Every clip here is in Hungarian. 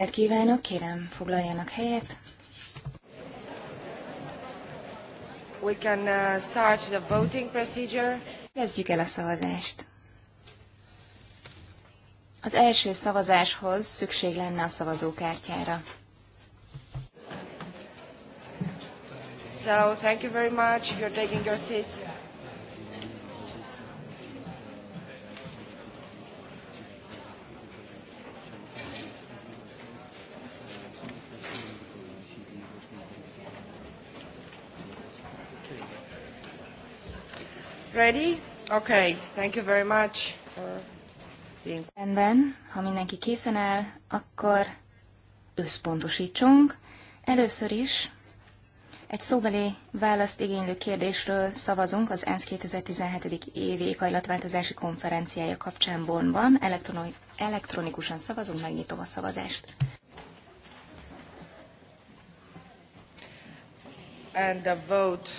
Ezt kívánok, kérem, foglaljanak helyet. We can uh, start the voting procedure. Kezdjük el a szavazást. Az első szavazáshoz szükség lenne a szavazókártyára. So, thank you very much. You're taking your seat. Ready? Okay, thank you very much. Rendben, ha mindenki készen áll, akkor összpontosítsunk. Először is egy szóbeli választ igénylő kérdésről szavazunk az ENSZ 2017. évi éghajlatváltozási konferenciája kapcsán Bonnban. elektronikusan szavazunk, megnyitom a szavazást. And the vote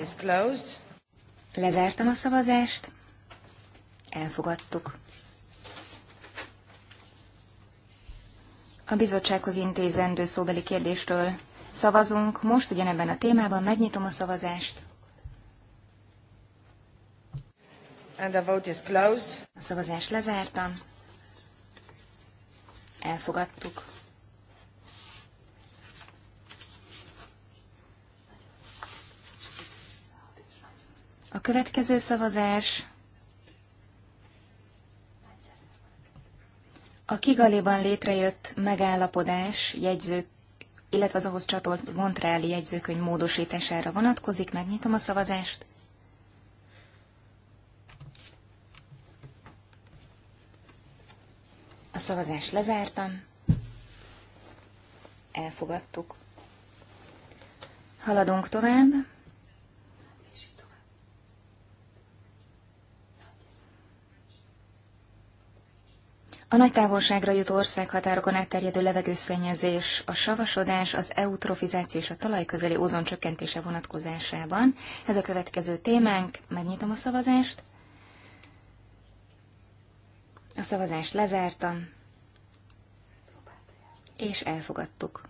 is closed. Lezártam a szavazást. Elfogadtuk. A bizottsághoz intézendő szóbeli kérdéstől szavazunk. Most ugyanebben a témában megnyitom a szavazást. And the vote is closed. A szavazást lezártam. Elfogadtuk. A következő szavazás a Kigaliban létrejött megállapodás jegyzők, illetve az ahhoz csatolt Montreali jegyzőkönyv módosítására vonatkozik. Megnyitom a szavazást. A szavazást lezártam. Elfogadtuk. Haladunk tovább. A nagy távolságra jutó országhatárokon átterjedő levegőszennyezés, a savasodás, az eutrofizáció és a talajközeli ózon csökkentése vonatkozásában. Ez a következő témánk. Megnyitom a szavazást. A szavazást lezártam, és elfogadtuk.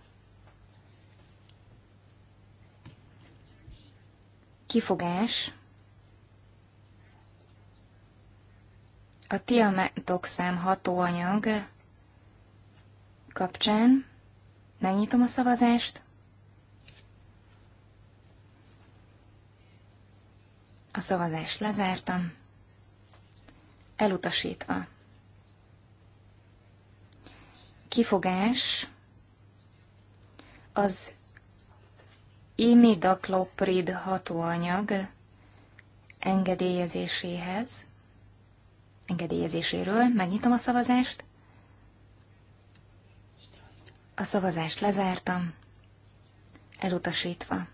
Kifogás a tiametoxám hatóanyag kapcsán megnyitom a szavazást. A szavazást lezártam, elutasítva. Kifogás az imidakloprid hatóanyag engedélyezéséhez engedélyezéséről. Megnyitom a szavazást. A szavazást lezártam, elutasítva.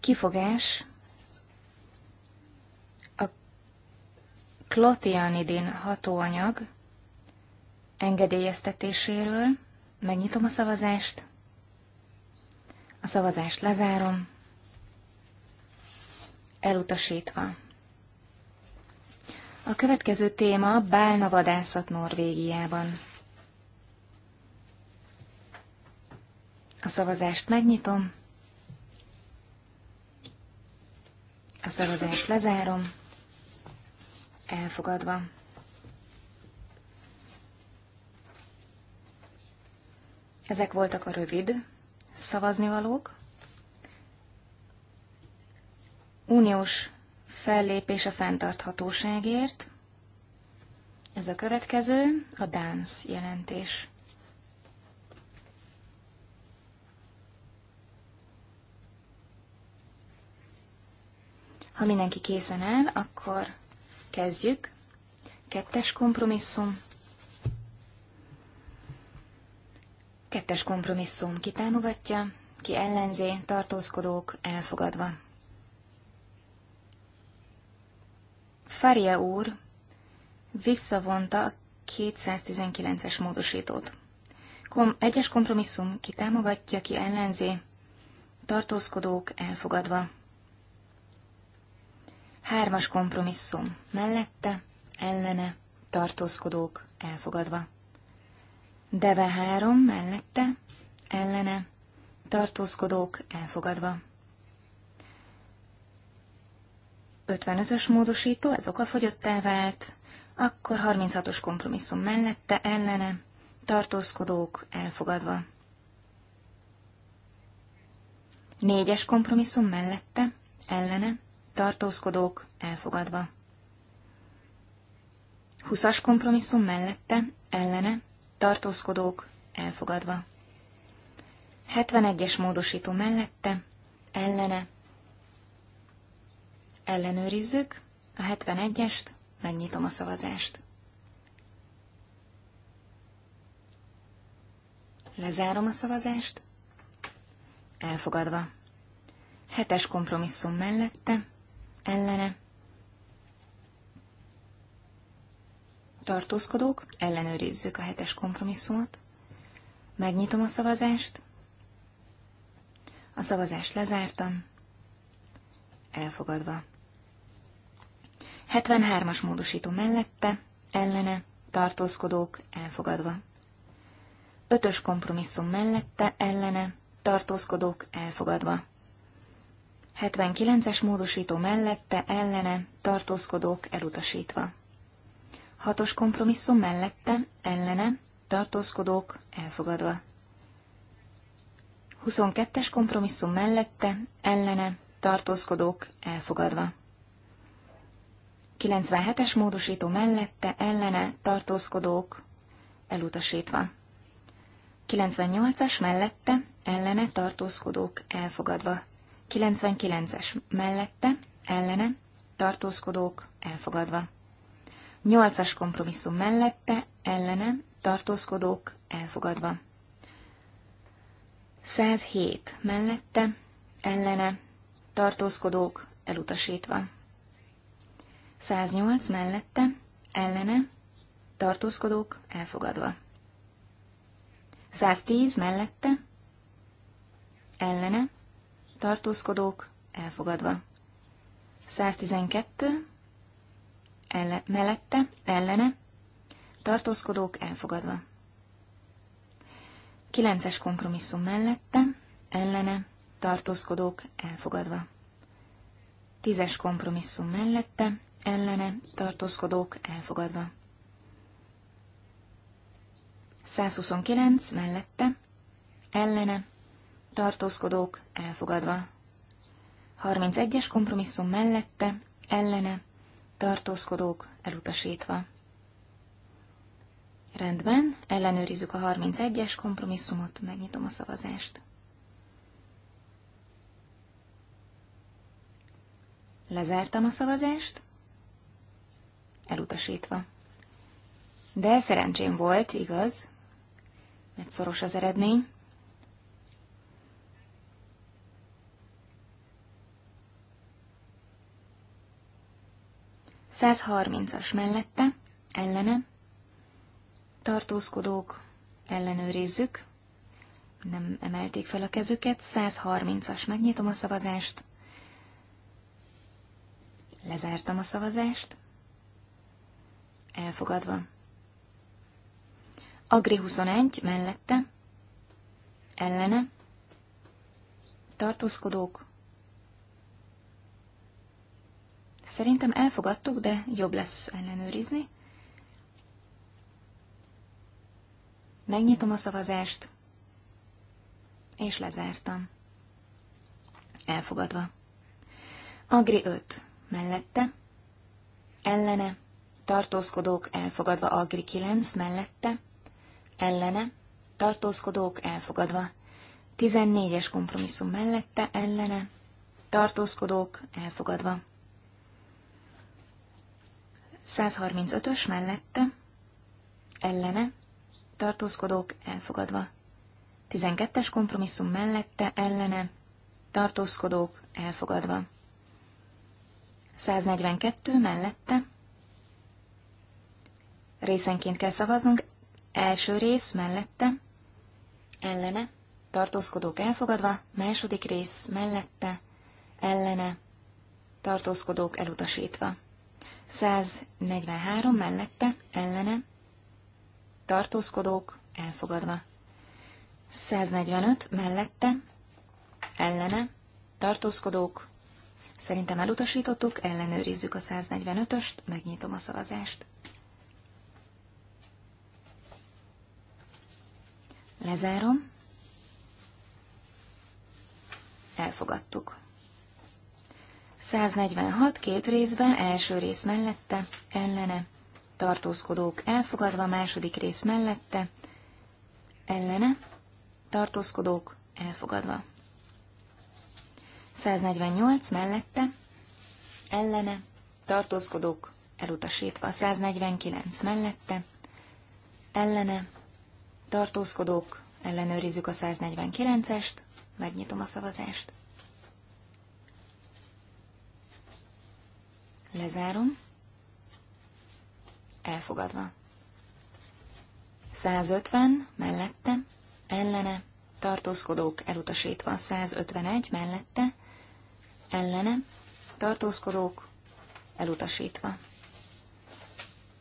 Kifogás a klotianidin hatóanyag engedélyeztetéséről. Megnyitom a szavazást. A szavazást lezárom, elutasítva. A következő téma bálna vadászat Norvégiában. A szavazást megnyitom. A szavazást lezárom. Elfogadva. Ezek voltak a rövid szavaznivalók. Uniós Fellépés a fenntarthatóságért. Ez a következő, a dánsz jelentés. Ha mindenki készen áll, akkor kezdjük. Kettes kompromisszum. Kettes kompromisszum ki támogatja, ki ellenzi, tartózkodók elfogadva. Ferje úr visszavonta a 219-es módosítót. Kom egyes kompromisszum ki támogatja, ki ellenzi, tartózkodók elfogadva. Hármas kompromisszum mellette, ellene, tartózkodók elfogadva. Deve három mellette, ellene, tartózkodók elfogadva. 55-ös módosító, ez okafogyottá vált, akkor 36-os kompromisszum mellette, ellene, tartózkodók elfogadva. Négyes kompromisszum mellette, ellene, tartózkodók elfogadva. 20-as kompromisszum mellette, ellene, tartózkodók elfogadva. 71-es módosító mellette, ellene, ellenőrizzük. A 71-est, megnyitom a szavazást. Lezárom a szavazást. Elfogadva. Hetes kompromisszum mellette, ellene. Tartózkodók, ellenőrizzük a hetes kompromisszumot. Megnyitom a szavazást. A szavazást lezártam. Elfogadva. 73-as módosító mellette, ellene, tartózkodók elfogadva. 5-ös kompromisszum mellette, ellene, tartózkodók elfogadva. 79-es módosító mellette, ellene, tartózkodók elutasítva. 6-os kompromisszum mellette, ellene, tartózkodók elfogadva. 22-es kompromisszum mellette, ellene, tartózkodók elfogadva. 97-es módosító mellette ellene tartózkodók elutasítva. 98-as mellette ellene tartózkodók elfogadva. 99-es mellette ellene tartózkodók elfogadva. 8-as kompromisszum mellette ellene tartózkodók elfogadva. 107 mellette ellene tartózkodók elutasítva. 108 mellette, ellene, tartózkodók elfogadva. 110 mellette, ellene, tartózkodók elfogadva. 112 elle, mellette, ellene, tartózkodók elfogadva. 9-es kompromisszum mellette, ellene, tartózkodók elfogadva. 10-es kompromisszum mellette, ellene tartózkodók elfogadva. 129 mellette, ellene tartózkodók elfogadva. 31-es kompromisszum mellette, ellene tartózkodók elutasítva. Rendben, ellenőrizzük a 31-es kompromisszumot, megnyitom a szavazást. Lezártam a szavazást elutasítva. De szerencsém volt, igaz, mert szoros az eredmény. Százharmincas mellette, ellene, tartózkodók, ellenőrizzük, nem emelték fel a kezüket, 130-as, megnyitom a szavazást, lezártam a szavazást, Elfogadva. Agri 21 mellette, ellene, tartózkodók. Szerintem elfogadtuk, de jobb lesz ellenőrizni. Megnyitom a szavazást, és lezártam. Elfogadva. Agri 5 mellette, ellene, tartózkodók elfogadva, Agri 9 mellette, ellene, tartózkodók elfogadva, 14-es kompromisszum mellette, ellene, tartózkodók elfogadva. 135-ös mellette, ellene, tartózkodók elfogadva. 12-es kompromisszum mellette, ellene, tartózkodók elfogadva. 142 mellette, Részenként kell szavaznunk. Első rész mellette, ellene, tartózkodók elfogadva, második rész mellette, ellene, tartózkodók elutasítva. 143 mellette, ellene, tartózkodók elfogadva. 145 mellette, ellene, tartózkodók, szerintem elutasítottuk, ellenőrizzük a 145-öst, megnyitom a szavazást. Lezárom. Elfogadtuk. 146 két részben, első rész mellette, ellene, tartózkodók elfogadva, második rész mellette, ellene, tartózkodók elfogadva. 148 mellette, ellene, tartózkodók elutasítva. 149 mellette, ellene, tartózkodók, ellenőrizzük a 149-est, megnyitom a szavazást. Lezárom. Elfogadva. 150 mellette, ellene, tartózkodók elutasítva 151 mellette, ellene, tartózkodók elutasítva.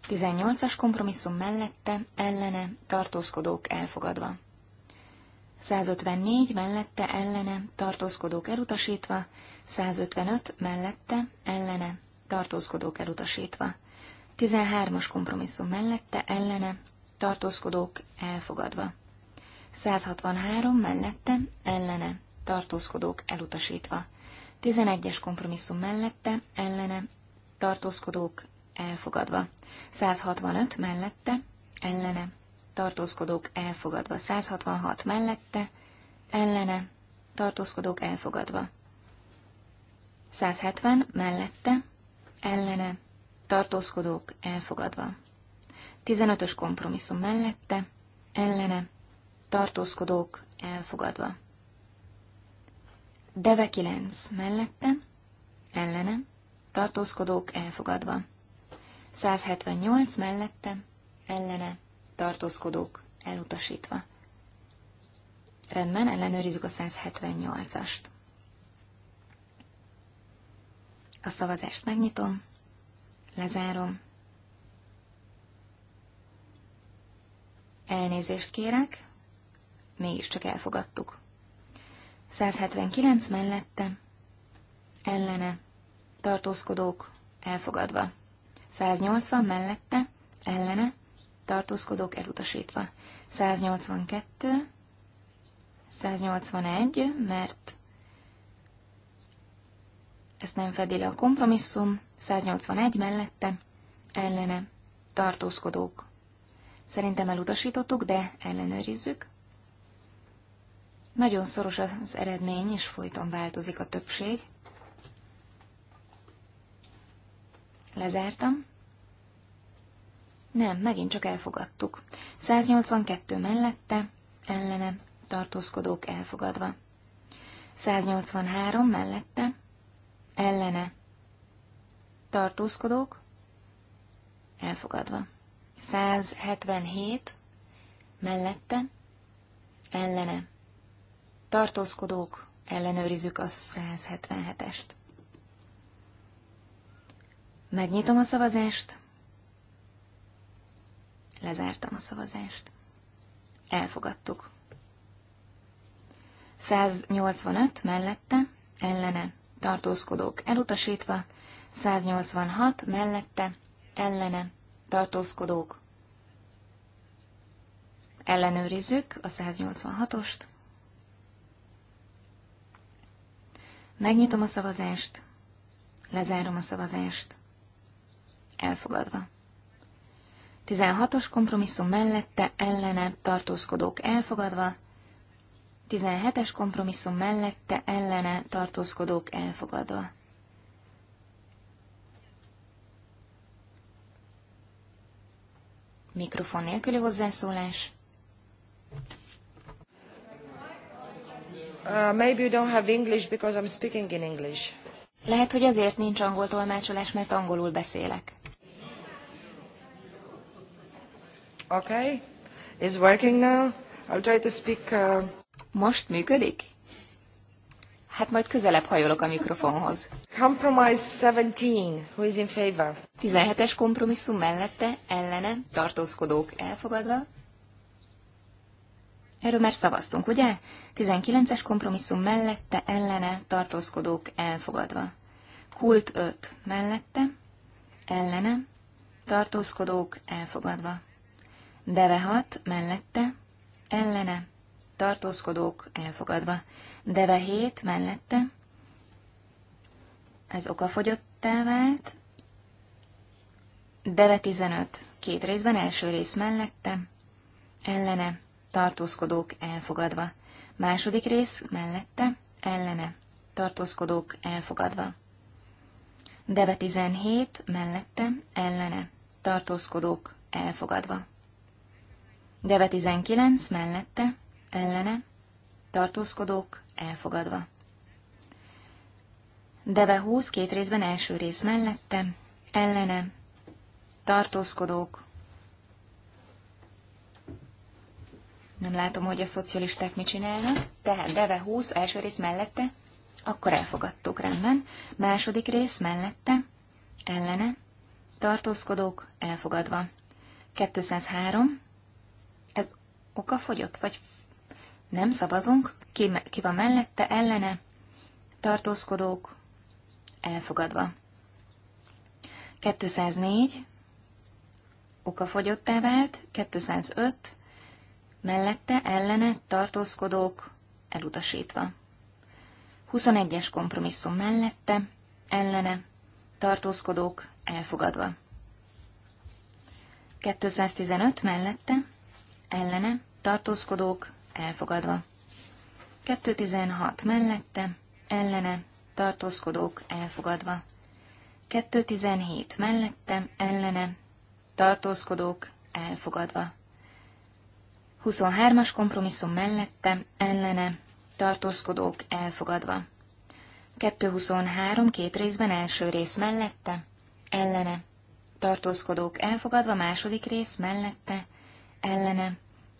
18-as kompromisszum mellette, ellene, tartózkodók elfogadva. 154 mellette, ellene, tartózkodók elutasítva, 155 mellette, ellene, tartózkodók elutasítva. 13-as kompromisszum mellette, ellene, tartózkodók elfogadva. 163 mellette, ellene, tartózkodók elutasítva. 11-es kompromisszum mellette, ellene, tartózkodók elfogadva. 165 mellette, ellene, tartózkodók elfogadva. 166 mellette, ellene, tartózkodók elfogadva. 170 mellette, ellene, tartózkodók elfogadva. 15-ös kompromisszum mellette, ellene, tartózkodók elfogadva. Deve 9 mellette, ellene, tartózkodók elfogadva. 178 mellette, ellene, tartózkodók elutasítva. Rendben, ellenőrizzük a 178-ast. A szavazást megnyitom, lezárom. Elnézést kérek, mégiscsak elfogadtuk. 179 mellette, ellene, tartózkodók elfogadva. 180 mellette, ellene, tartózkodók elutasítva. 182, 181, mert ezt nem fedi le a kompromisszum, 181 mellette, ellene, tartózkodók. Szerintem elutasítottuk, de ellenőrizzük. Nagyon szoros az eredmény, és folyton változik a többség. Lezártam. Nem, megint csak elfogadtuk. 182 mellette, ellene, tartózkodók elfogadva. 183 mellette, ellene, tartózkodók elfogadva. 177 mellette, ellene, tartózkodók ellenőrizzük a 177-est. Megnyitom a szavazást. Lezártam a szavazást. Elfogadtuk. 185 mellette, ellene, tartózkodók elutasítva, 186 mellette, ellene, tartózkodók. Ellenőrizzük a 186-ost. Megnyitom a szavazást, lezárom a szavazást elfogadva. 16-os kompromisszum mellette ellene tartózkodók elfogadva, 17-es kompromisszum mellette ellene tartózkodók elfogadva. Mikrofon nélküli hozzászólás. Uh, maybe you don't have English because I'm speaking in English. Lehet, hogy azért nincs angol tolmácsolás, mert angolul beszélek. Okay. It's working now. I'll try to speak. Uh, Most működik? Hát majd közelebb hajolok a mikrofonhoz. Compromise 17. Who is in favor? 17-es kompromisszum mellette, ellene, tartózkodók elfogadva. Erről már szavaztunk, ugye? 19-es kompromisszum mellette, ellene, tartózkodók elfogadva. Kult 5 mellette, ellene, tartózkodók elfogadva. Deve mellette, ellene, tartózkodók elfogadva. Deve hét mellette, ez okafogyottá vált. Deve 15 két részben, első rész mellette, ellene, tartózkodók elfogadva. Második rész mellette, ellene, tartózkodók elfogadva. Deve 17 mellette, ellene, tartózkodók elfogadva. Deve 19 mellette, ellene, tartózkodók elfogadva. Deve 20 két részben első rész mellette, ellene, tartózkodók. Nem látom, hogy a szocialisták mit csinálnak. Tehát Deve 20 első rész mellette, akkor elfogadtuk, rendben. Második rész mellette, ellene, tartózkodók elfogadva. 203 oka fogyott, vagy nem szavazunk, ki, ki van mellette, ellene, tartózkodók, elfogadva. 204, Oka okafogyottá vált, 205, mellette, ellene, tartózkodók, elutasítva. 21-es kompromisszum mellette, ellene, tartózkodók, elfogadva. 215 mellette, ellene, tartózkodók elfogadva. 216 mellette, ellene, tartózkodók elfogadva. 217 mellette, ellene, tartózkodók elfogadva. 23-as kompromisszum mellette, ellene, tartózkodók elfogadva. 223 két részben első rész mellette, ellene, tartózkodók elfogadva második rész mellette, ellene,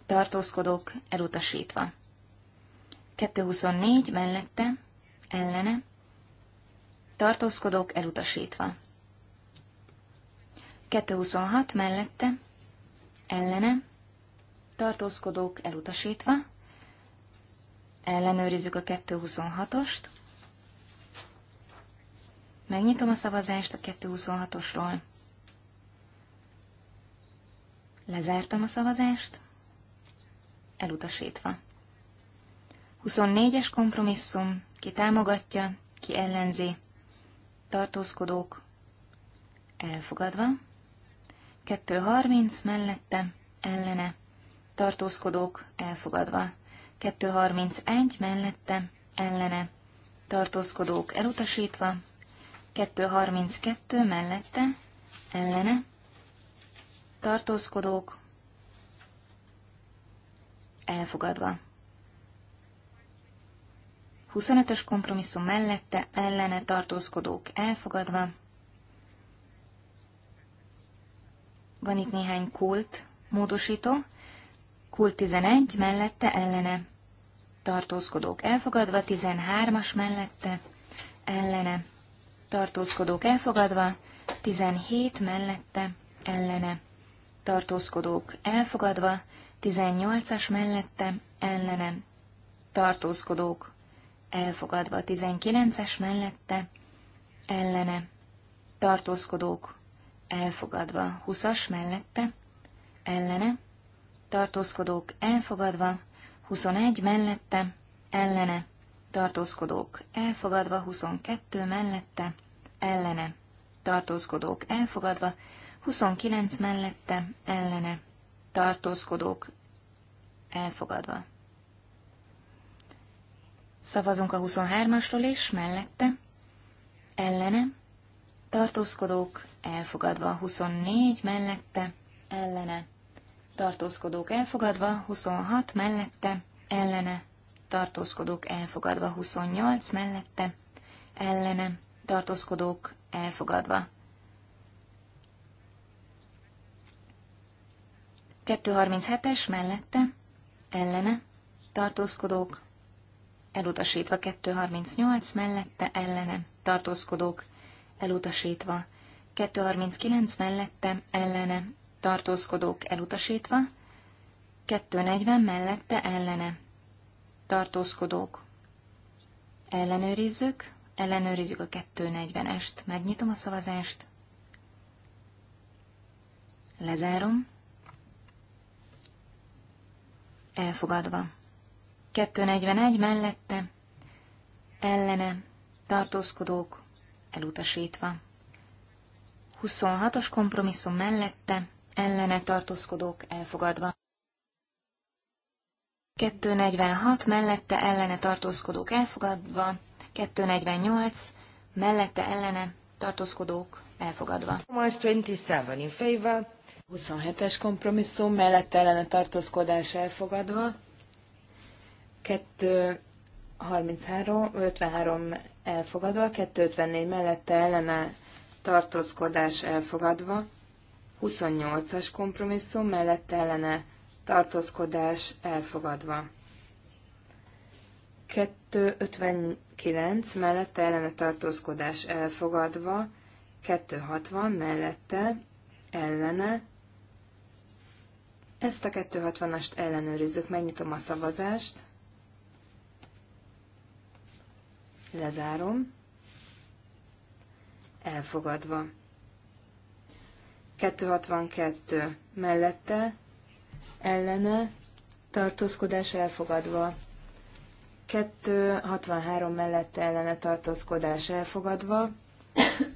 tartózkodók elutasítva. 224 mellette, ellene, tartózkodók elutasítva. 226 mellette, ellene, tartózkodók elutasítva, ellenőrizzük a 226-ost, megnyitom a szavazást a 226-osról, lezártam a szavazást, elutasítva. 24-es kompromisszum, ki támogatja, ki ellenzi, tartózkodók, elfogadva. 230 mellette, ellene, tartózkodók, elfogadva. 231 mellette, ellene, tartózkodók, elutasítva. 232 mellette, ellene, tartózkodók, elfogadva. 25-ös kompromisszum mellette ellene tartózkodók elfogadva. Van itt néhány kult módosító. Kult 11 mellette ellene tartózkodók elfogadva, 13-as mellette ellene tartózkodók elfogadva, 17 mellette ellene tartózkodók elfogadva, tizennyolcas mellette ellene tartózkodók elfogadva, tizenkilences mellette ellene tartózkodók elfogadva, huszas mellette ellene tartózkodók elfogadva, huszonegy mellette ellene tartózkodók elfogadva, huszonkettő mellette ellene tartózkodók elfogadva, 29 mellette ellene tartózkodók elfogadva. Szavazunk a 23-asról is, mellette, ellene, tartózkodók elfogadva, 24 mellette, ellene, tartózkodók elfogadva, 26 mellette, ellene, tartózkodók elfogadva, 28 mellette, ellene, tartózkodók elfogadva. 237-es mellette, ellene, tartózkodók, elutasítva 238 mellette, ellene, tartózkodók, elutasítva 239 mellette, ellene, tartózkodók, elutasítva 240 mellette, ellene, tartózkodók. Ellenőrizzük, ellenőrizzük a 240-est, megnyitom a szavazást, lezárom, elfogadva. 241 mellette, ellene, tartózkodók, elutasítva. 26-os kompromisszum mellette, ellene tartózkodók elfogadva. 246 mellette ellene tartózkodók elfogadva, 248 mellette ellene tartózkodók elfogadva. 27 in favor, 27-es kompromisszum mellett ellene tartózkodás elfogadva. 2 33, 53 elfogadva, 254 mellette ellene tartózkodás elfogadva, 28-as kompromisszum mellette ellene tartózkodás elfogadva. 259 mellette ellene tartózkodás elfogadva, 260 mellette ellene ezt a 260-ast ellenőrizzük, megnyitom a szavazást, lezárom, elfogadva. 262 mellette, ellene, tartózkodás elfogadva. 263 mellette ellene tartózkodás elfogadva.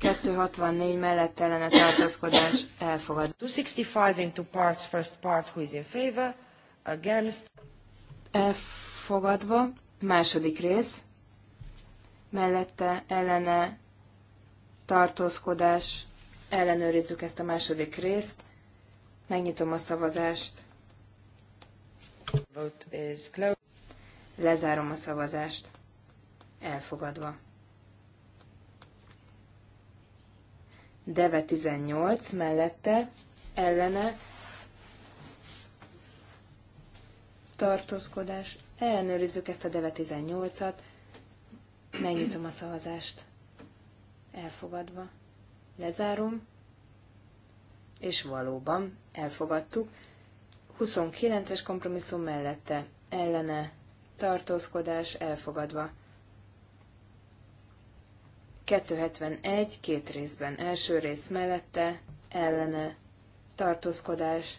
264 mellett ellene tartózkodás elfogad. 265 into parts, first part who is in favor, against. Elfogadva, második rész, mellette ellene tartózkodás, ellenőrizzük ezt a második részt, megnyitom a szavazást. Vote is Lezárom a szavazást. Elfogadva. Deve 18 mellette ellene tartózkodás. Ellenőrizzük ezt a Deve 18-at. Megnyitom a szavazást. Elfogadva. Lezárom. És valóban elfogadtuk. 29-es kompromisszum mellette ellene tartózkodás elfogadva. 271 két részben. Első rész mellette, ellene, tartózkodás,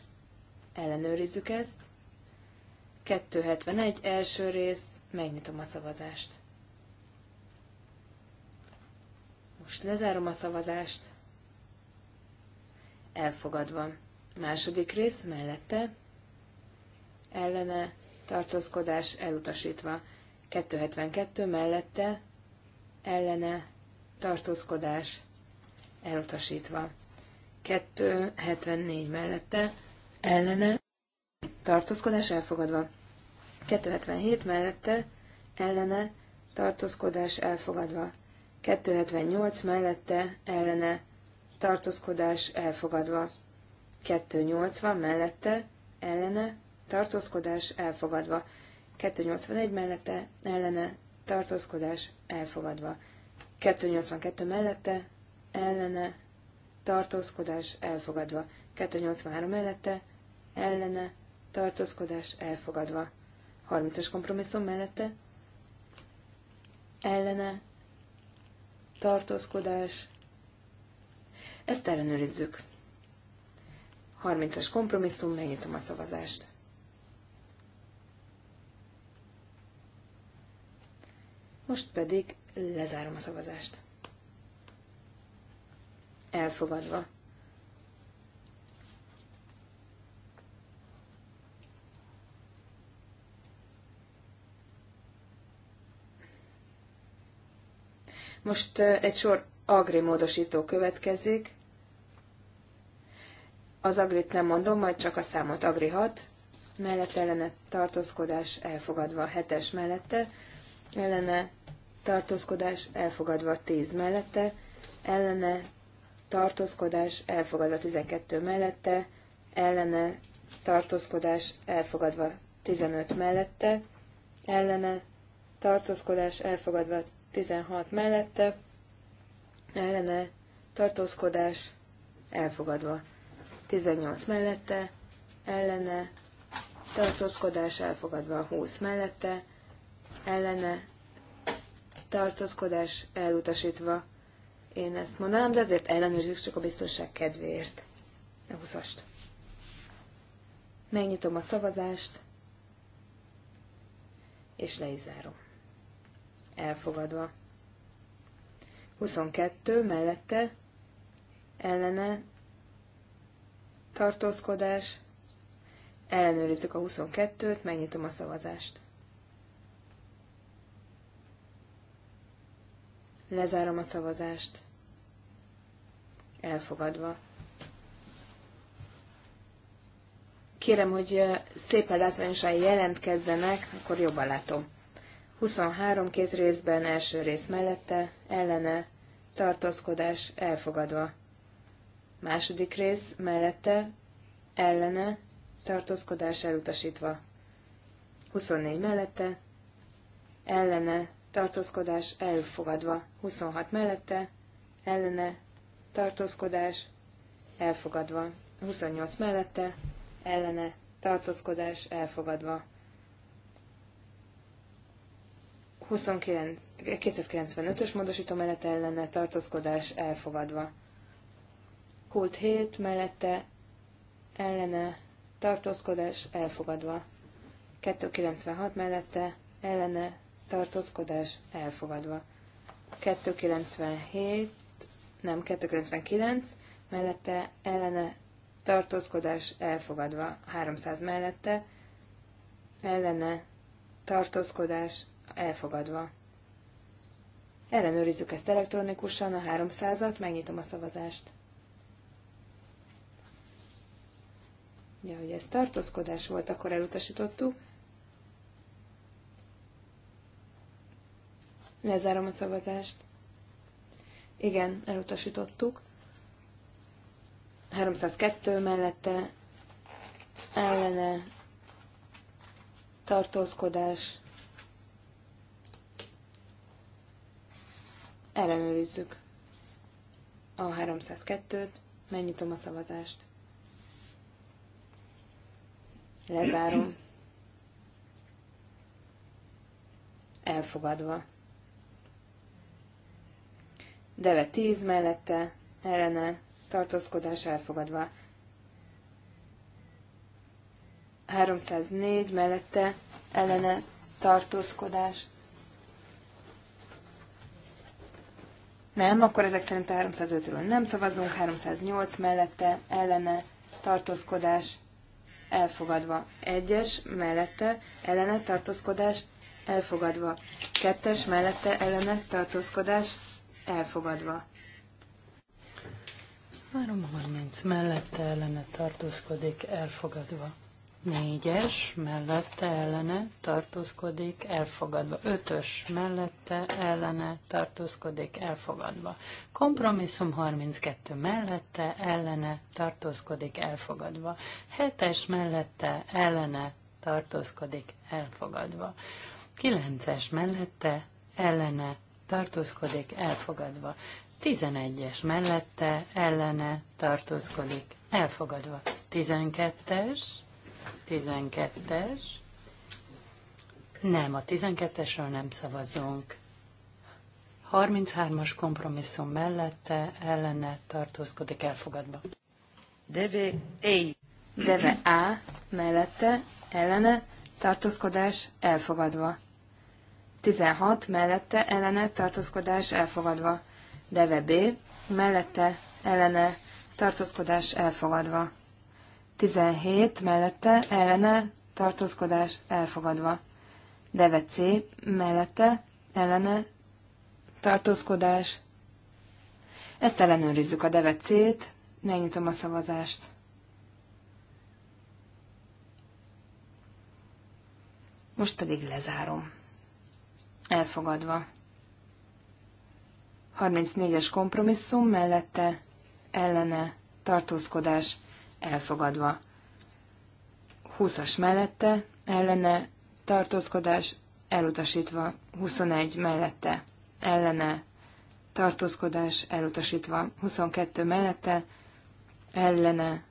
ellenőrizzük ezt. 271 első rész, megnyitom a szavazást. Most lezárom a szavazást. Elfogadva. Második rész mellette, ellene, tartózkodás elutasítva. 272 mellette, ellene, tartózkodás elutasítva. 274 mellette ellene tartózkodás elfogadva. 277 mellette ellene tartózkodás elfogadva. 278 mellette ellene tartózkodás elfogadva. 280 mellette ellene tartózkodás elfogadva. 281 mellette ellene tartózkodás elfogadva. 282 mellette, ellene, tartózkodás elfogadva. 283 mellette, ellene, tartózkodás elfogadva. 30-as kompromisszum mellette, ellene, tartózkodás. Ezt ellenőrizzük. 30-as kompromisszum, megnyitom a szavazást. Most pedig Lezárom a szavazást. Elfogadva. Most egy sor agri módosító következik. Az agrit nem mondom, majd csak a számot agri 6. Mellett ellene tartózkodás elfogadva 7-es mellette. Ellene tartózkodás elfogadva 10 mellette, ellene tartózkodás elfogadva 12 mellette, ellene tartózkodás elfogadva 15 mellette, ellene tartózkodás elfogadva 16 mellette, ellene tartózkodás elfogadva 18 mellette, ellene tartózkodás elfogadva 20 mellette, ellene tartózkodás elutasítva. Én ezt mondanám, de azért ellenőrizzük csak a biztonság kedvéért. A 20 Megnyitom a szavazást, és le is zárom. Elfogadva. 22 mellette ellene tartózkodás. Ellenőrizzük a 22-t, megnyitom a szavazást. Lezárom a szavazást. Elfogadva. Kérem, hogy szépen látványosan jelentkezzenek, akkor jobban látom. 23 kéz részben, első rész mellette, ellene, tartózkodás elfogadva. Második rész mellette, ellene, tartózkodás elutasítva. 24 mellette, ellene, tartózkodás elfogadva. 26 mellette, ellene, tartózkodás elfogadva. 28 mellette, ellene, tartózkodás elfogadva. 29, 295-ös módosító mellette ellene tartózkodás elfogadva. Kult 7 mellette ellene tartózkodás elfogadva. 296 mellette ellene tartózkodás elfogadva. 297, nem 299, mellette ellene tartózkodás elfogadva. 300 mellette ellene tartózkodás elfogadva. Ellenőrizzük ezt elektronikusan, a 300-at, megnyitom a szavazást. Ugye, hogy ez tartózkodás volt, akkor elutasítottuk. Lezárom a szavazást. Igen, elutasítottuk. 302 mellette ellene tartózkodás. Ellenőrizzük a 302-t, megnyitom a szavazást. Lezárom. Elfogadva. Deve tíz mellette ellene tartózkodás elfogadva. 304 mellette ellene tartózkodás. Nem, akkor ezek szerint a 305-ről nem szavazunk, 308 mellette ellene tartózkodás elfogadva. Egyes mellette ellene tartózkodás elfogadva. Kettes mellette ellene tartózkodás elfogadva. harminc mellette ellene tartózkodik, elfogadva. 4-es mellette ellene tartózkodik, elfogadva. 5 mellette ellene tartózkodik, elfogadva. Kompromisszum 32 mellette ellene tartózkodik, elfogadva. 7-es mellette ellene tartózkodik, elfogadva. Kilences es mellette ellene tartózkodik, elfogadva. 11-es mellette, ellene, tartózkodik, elfogadva. 12-es, 12-es, nem, a 12-esről nem szavazunk. 33-as kompromisszum mellette, ellene, tartózkodik, elfogadva. Deve A. Deve A mellette, ellene, tartózkodás elfogadva. 16 mellette ellene tartózkodás elfogadva. Deve B mellette ellene tartózkodás elfogadva. 17 mellette ellene tartózkodás elfogadva. Deve C mellette ellene tartózkodás. Ezt ellenőrizzük a Deve C-t, megnyitom a szavazást. Most pedig lezárom elfogadva. 34-es kompromisszum mellette ellene tartózkodás elfogadva. 20-as mellette ellene tartózkodás elutasítva. 21 mellette ellene tartózkodás elutasítva. 22 mellette ellene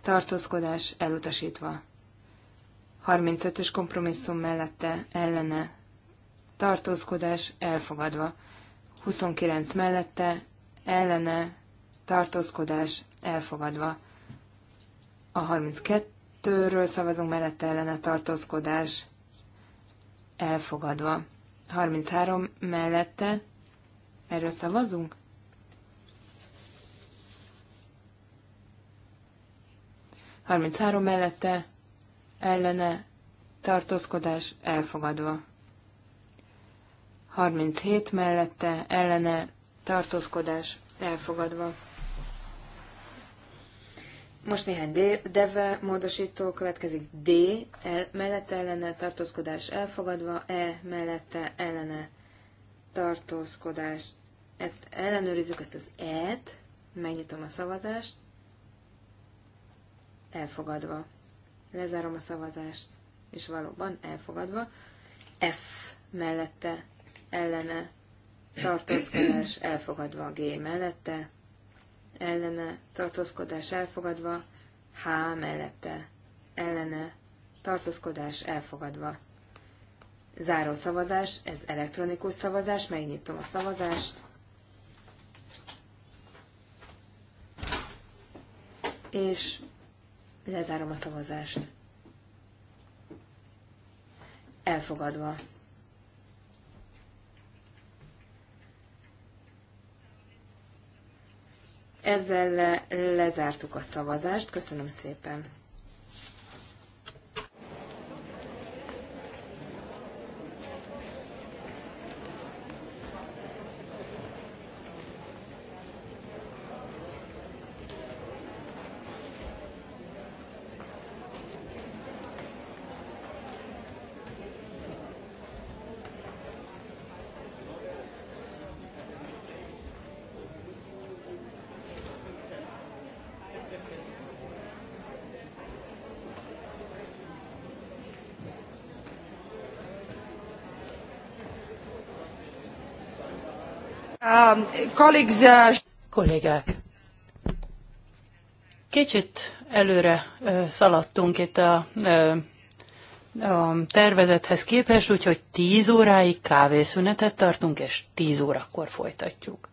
tartózkodás elutasítva. 35-ös kompromisszum mellette ellene tartózkodás elfogadva. 29 mellette, ellene, tartózkodás elfogadva. A 32-ről szavazunk mellette ellene tartózkodás elfogadva. 33 mellette, erről szavazunk? Harminchárom mellette, ellene, tartózkodás elfogadva. 37 mellette ellene tartózkodás elfogadva. Most néhány D, deve módosító következik D, el, mellette ellene tartózkodás elfogadva, E mellette ellene tartózkodás. Ezt ellenőrizzük, ezt az E-t, megnyitom a szavazást, elfogadva. Lezárom a szavazást, és valóban elfogadva. F mellette ellene tartózkodás elfogadva a G mellette, ellene tartózkodás elfogadva, H mellette, ellene tartózkodás elfogadva. Záró szavazás, ez elektronikus szavazás, megnyitom a szavazást. És lezárom a szavazást. Elfogadva. Ezzel lezártuk a szavazást. Köszönöm szépen! Um, uh, Kollégák, kicsit előre szaladtunk itt a, a tervezethez képest, úgyhogy 10 óráig kávészünetet tartunk, és 10 órakor folytatjuk.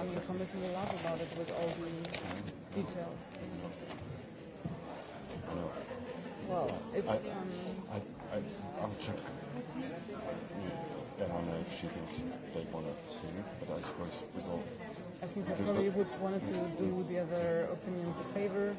I mean, Commissioner Love about it with all the details. Well, if I, um, I, I, I'll check with Elena if she thinks they want to see it, but I suppose we don't. I think we probably would want to do the other opinions a favor.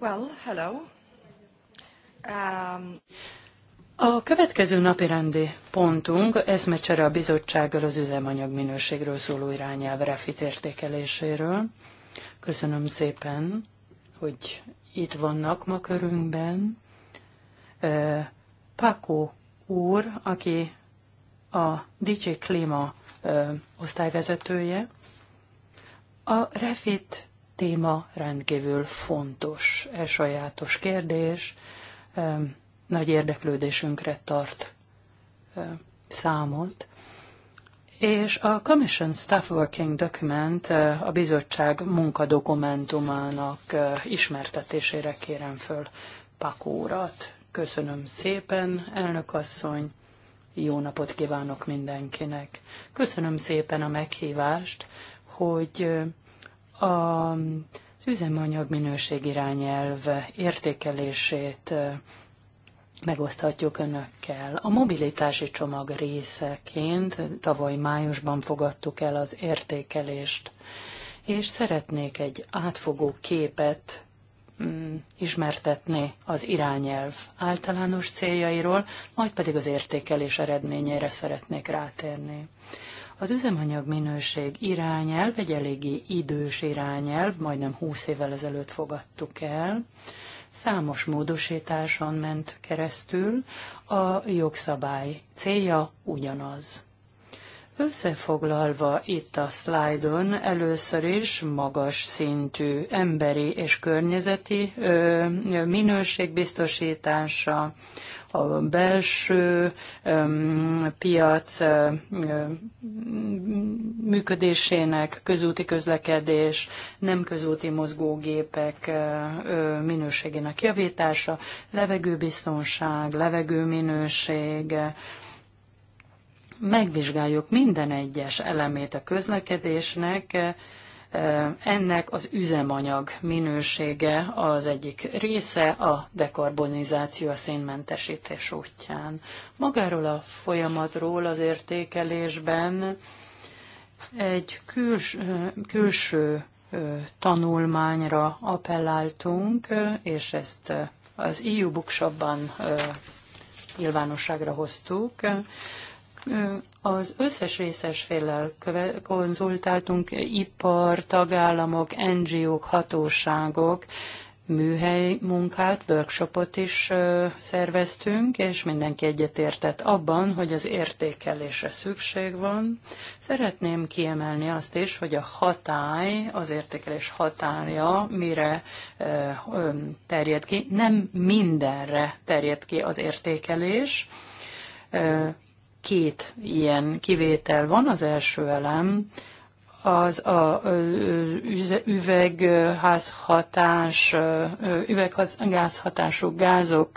Well, hello. Um... A következő napi rendi pontunk eszmecsere a bizottsággal az üzemanyag minőségről szóló irányelv refit értékeléséről. Köszönöm szépen, hogy itt vannak ma körünkben. Pakó úr, aki a Dicsi Klíma osztályvezetője, a Refit téma rendkívül fontos, e sajátos kérdés, nagy érdeklődésünkre tart számot. És a Commission Staff Working Document a bizottság munkadokumentumának ismertetésére kérem föl Pakórat. Köszönöm szépen, elnök asszony, jó napot kívánok mindenkinek. Köszönöm szépen a meghívást, hogy a az üzemanyag minőség irányelv értékelését megoszthatjuk önökkel. A mobilitási csomag részeként tavaly májusban fogadtuk el az értékelést, és szeretnék egy átfogó képet mm, ismertetni az irányelv általános céljairól, majd pedig az értékelés eredményeire szeretnék rátérni. Az üzemanyag minőség irányelv egy eléggé idős irányelv, majdnem 20 évvel ezelőtt fogadtuk el. Számos módosításon ment keresztül, a jogszabály célja ugyanaz. Összefoglalva itt a szlájdon először is magas szintű emberi és környezeti ö, biztosítása a belső öm, piac öm, működésének, közúti közlekedés, nem közúti mozgógépek öm, minőségének javítása, levegőbiztonság, levegőminőség, öm, megvizsgáljuk minden egyes elemét a közlekedésnek, ennek az üzemanyag minősége az egyik része a dekarbonizáció, a szénmentesítés útján. Magáról a folyamatról az értékelésben egy küls, külső tanulmányra appelláltunk, és ezt az EU Bookshopban nyilvánosságra hoztuk. Az összes részes féllel konzultáltunk, ipar, tagállamok, NGO-k, hatóságok, műhely munkát, workshopot is szerveztünk, és mindenki egyetértett abban, hogy az értékelésre szükség van. Szeretném kiemelni azt is, hogy a hatály, az értékelés hatája mire terjed ki. Nem mindenre terjed ki az értékelés két ilyen kivétel van. Az első elem az a üvegházhatás, üvegházhatású gázok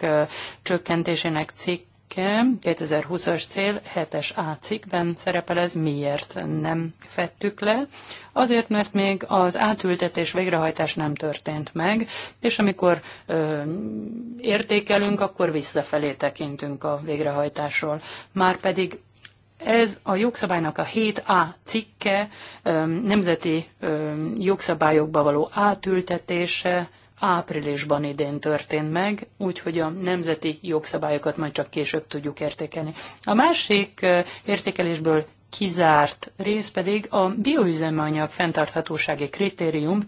csökkentésének cikk cikke, 2020-as cél 7-es A cikkben szerepel ez, miért nem fettük le. Azért, mert még az átültetés végrehajtás nem történt meg, és amikor ö, értékelünk, akkor visszafelé tekintünk a végrehajtásról. Márpedig ez a jogszabálynak a 7A cikke nemzeti jogszabályokba való átültetése áprilisban idén történt meg, úgyhogy a nemzeti jogszabályokat majd csak később tudjuk értékelni. A másik értékelésből kizárt rész pedig a bioüzemanyag fenntarthatósági kritérium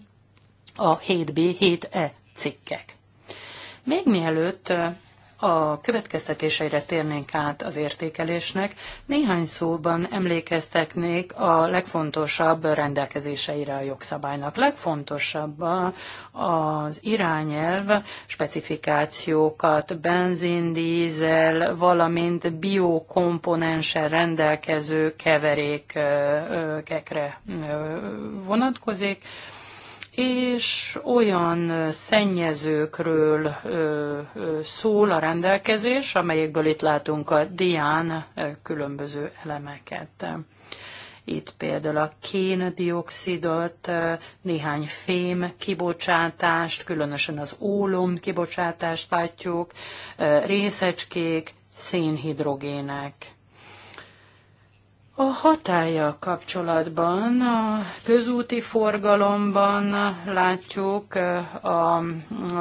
a 7B, 7E cikkek. Még mielőtt a következtetéseire térnénk át az értékelésnek, néhány szóban emlékeztetnék a legfontosabb rendelkezéseire a jogszabálynak. Legfontosabb az irányelv specifikációkat benzin, dízel, valamint biokomponenssel rendelkező keverékekre vonatkozik és olyan szennyezőkről szól a rendelkezés, amelyekből itt látunk a dián különböző elemeket. Itt például a kén-dioxidot, néhány fém kibocsátást, különösen az ólom kibocsátást látjuk, részecskék, szénhidrogének a hatája kapcsolatban a közúti forgalomban látjuk, a,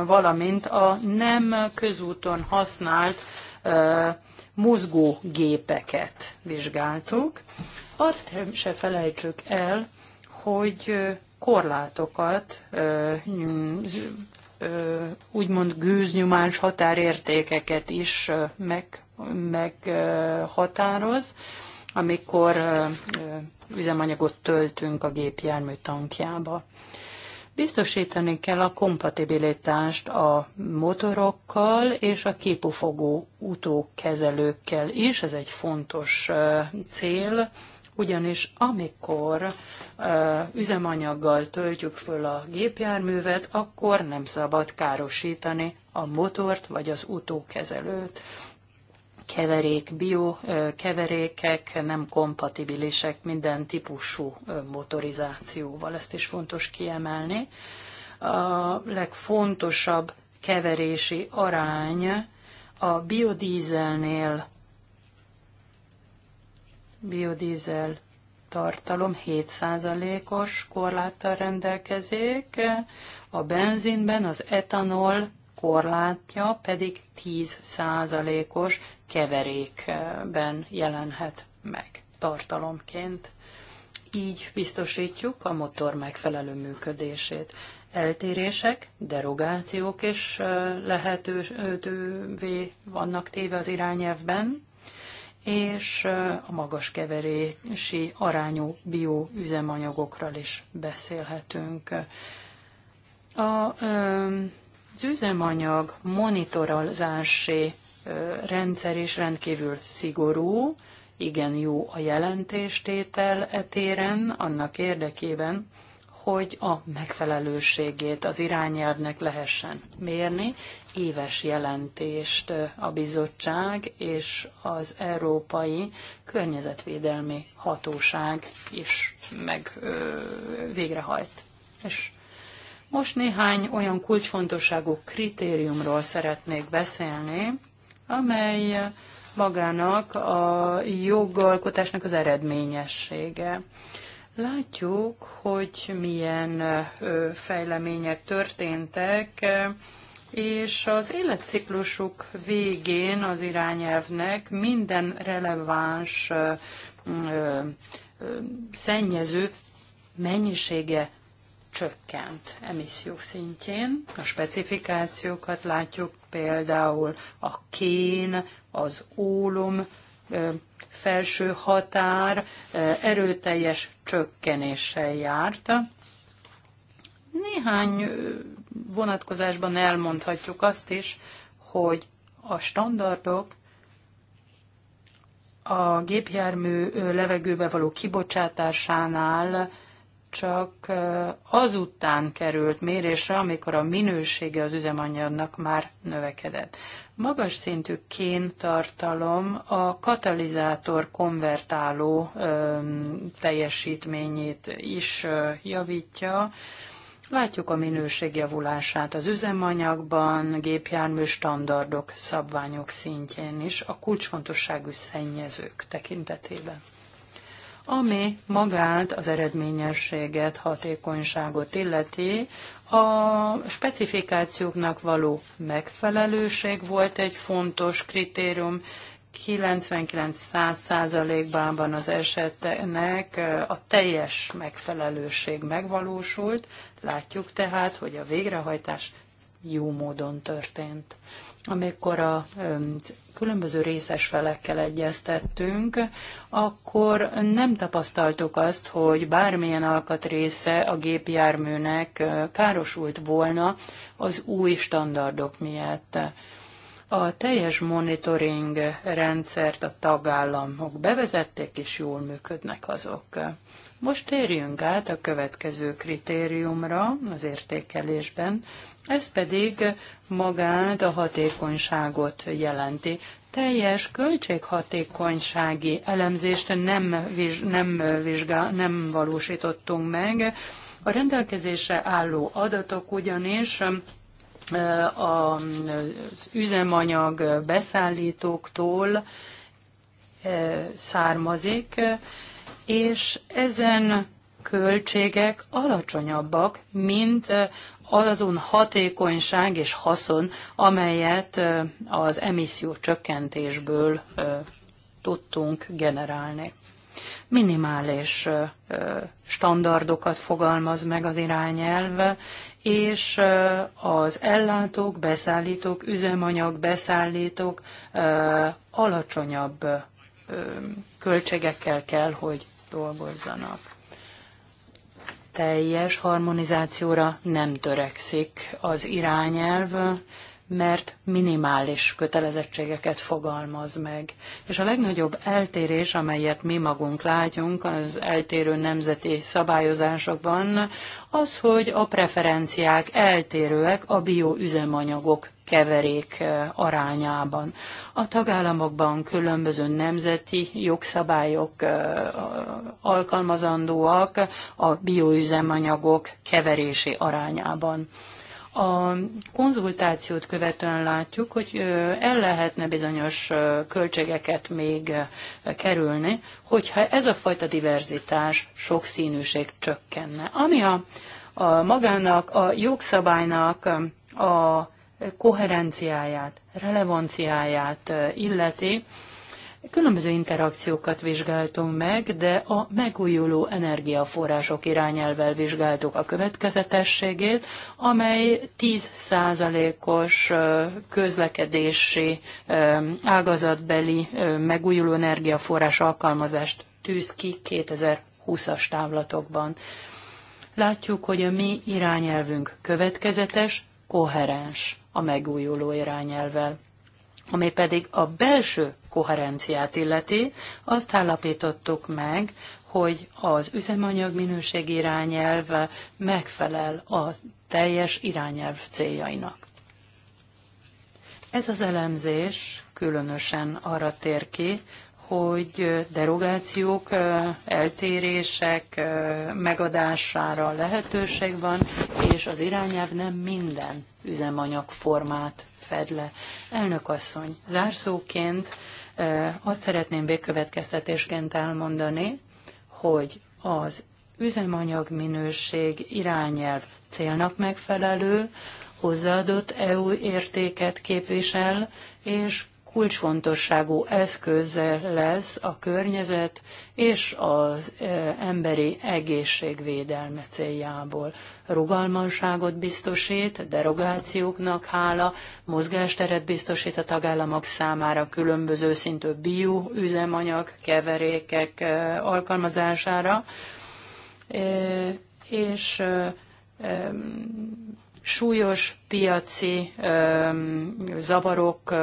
valamint a nem közúton használt mozgógépeket vizsgáltuk. Azt se felejtsük el, hogy korlátokat, úgymond gőznyomás határértékeket is meghatároz. Meg, amikor üzemanyagot töltünk a gépjármű tankjába. Biztosítani kell a kompatibilitást a motorokkal és a kipufogó utókezelőkkel is, ez egy fontos cél, ugyanis amikor üzemanyaggal töltjük föl a gépjárművet, akkor nem szabad károsítani a motort vagy az utókezelőt keverék, bio keverékek nem kompatibilisek minden típusú motorizációval. Ezt is fontos kiemelni. A legfontosabb keverési arány a biodízelnél biodízel tartalom 7%-os korláttal rendelkezik, a benzinben az etanol korlátja pedig 10%-os keverékben jelenhet meg tartalomként. Így biztosítjuk a motor megfelelő működését. Eltérések, derogációk is lehetővé vannak téve az irányelvben, és a magas keverési arányú bioüzemanyagokról is beszélhetünk. A, az üzemanyag monitorozási rendszer is rendkívül szigorú, igen jó a jelentéstétel etéren, annak érdekében, hogy a megfelelőségét az irányelvnek lehessen mérni. Éves jelentést a bizottság és az Európai Környezetvédelmi Hatóság is meg ö, végrehajt. És most néhány olyan kulcsfontosságú kritériumról szeretnék beszélni, amely magának a jogalkotásnak az eredményessége. Látjuk, hogy milyen fejlemények történtek, és az életciklusuk végén az irányelvnek minden releváns szennyező mennyisége csökkent emissziók szintjén. A specifikációkat látjuk például a kén, az ólom, felső határ erőteljes csökkenéssel járt. Néhány vonatkozásban elmondhatjuk azt is, hogy a standardok a gépjármű levegőbe való kibocsátásánál csak azután került mérésre, amikor a minősége az üzemanyagnak már növekedett. Magas szintű kéntartalom a katalizátor konvertáló teljesítményét is javítja, Látjuk a minőség javulását az üzemanyagban, gépjármű standardok, szabványok szintjén is, a kulcsfontosságú szennyezők tekintetében ami magát az eredményességet, hatékonyságot illeti, a specifikációknak való megfelelőség volt egy fontos kritérium, 99%-ban az esetnek a teljes megfelelőség megvalósult, látjuk tehát, hogy a végrehajtás jó módon történt. Amikor az különböző részes felekkel egyeztettünk, akkor nem tapasztaltuk azt, hogy bármilyen alkatrésze a gépjárműnek károsult volna az új standardok miatt. A teljes monitoring rendszert a tagállamok bevezették, és jól működnek azok. Most térjünk át a következő kritériumra az értékelésben, ez pedig magát a hatékonyságot jelenti. Teljes költséghatékonysági elemzést nem, viz, nem, vizsgál, nem valósítottunk meg. A rendelkezésre álló adatok ugyanis az üzemanyag beszállítóktól származik, és ezen költségek alacsonyabbak, mint azon hatékonyság és haszon, amelyet az emisszió csökkentésből tudtunk generálni. Minimális standardokat fogalmaz meg az irányelv, és az ellátók, beszállítók, üzemanyag beszállítók alacsonyabb költségekkel kell, hogy dolgozzanak teljes harmonizációra nem törekszik az irányelv, mert minimális kötelezettségeket fogalmaz meg. És a legnagyobb eltérés, amelyet mi magunk látjunk az eltérő nemzeti szabályozásokban, az, hogy a preferenciák eltérőek a bioüzemanyagok keverék eh, arányában. A tagállamokban különböző nemzeti jogszabályok eh, alkalmazandóak a bioüzemanyagok keverési arányában a konzultációt követően látjuk, hogy el lehetne bizonyos költségeket még kerülni, hogyha ez a fajta diverzitás, sokszínűség csökkenne. Ami a, a magának, a jogszabálynak a koherenciáját, relevanciáját illeti, Különböző interakciókat vizsgáltunk meg, de a megújuló energiaforrások irányelvel vizsgáltuk a következetességét, amely 10%-os közlekedési ágazatbeli megújuló energiaforrás alkalmazást tűz ki 2020-as távlatokban. Látjuk, hogy a mi irányelvünk következetes, koherens a megújuló irányelvel ami pedig a belső koherenciát illeti, azt állapítottuk meg, hogy az üzemanyag minőség irányelv megfelel a teljes irányelv céljainak. Ez az elemzés különösen arra tér ki, hogy derogációk, eltérések megadására lehetőség van, és az irányelv nem minden formát fed le. Elnök asszony, zárszóként azt szeretném végkövetkeztetésként elmondani, hogy az üzemanyag minőség irányelv célnak megfelelő, hozzáadott EU értéket képvisel, és kulcsfontosságú eszköz lesz a környezet és az e, emberi egészségvédelme céljából. Rugalmanságot biztosít, derogációknak hála, mozgásteret biztosít a tagállamok számára különböző szintű bioüzemanyag keverékek e, alkalmazására, e, és súlyos piaci zavarok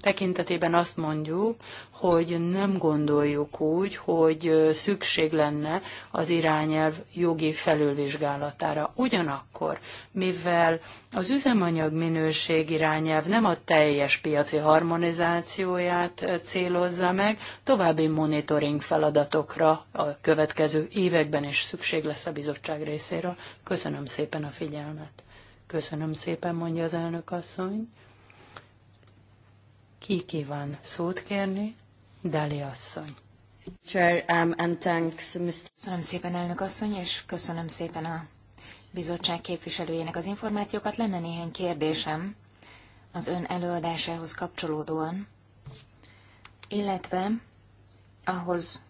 tekintetében azt mondjuk, hogy nem gondoljuk úgy, hogy szükség lenne az irányelv jogi felülvizsgálatára. Ugyanakkor, mivel az üzemanyag minőség irányelv nem a teljes piaci harmonizációját célozza meg, további monitoring feladatokra a következő években is szükség lesz a bizottság részéről. Köszönöm szépen a figyelmet. Köszönöm szépen, mondja az elnök asszony. Ki kíván szót kérni? Dali asszony. Chair, um, and thanks, Mr. Köszönöm szépen, elnök asszony, és köszönöm szépen a bizottság képviselőjének az információkat. Lenne néhány kérdésem az ön előadásához kapcsolódóan, illetve ahhoz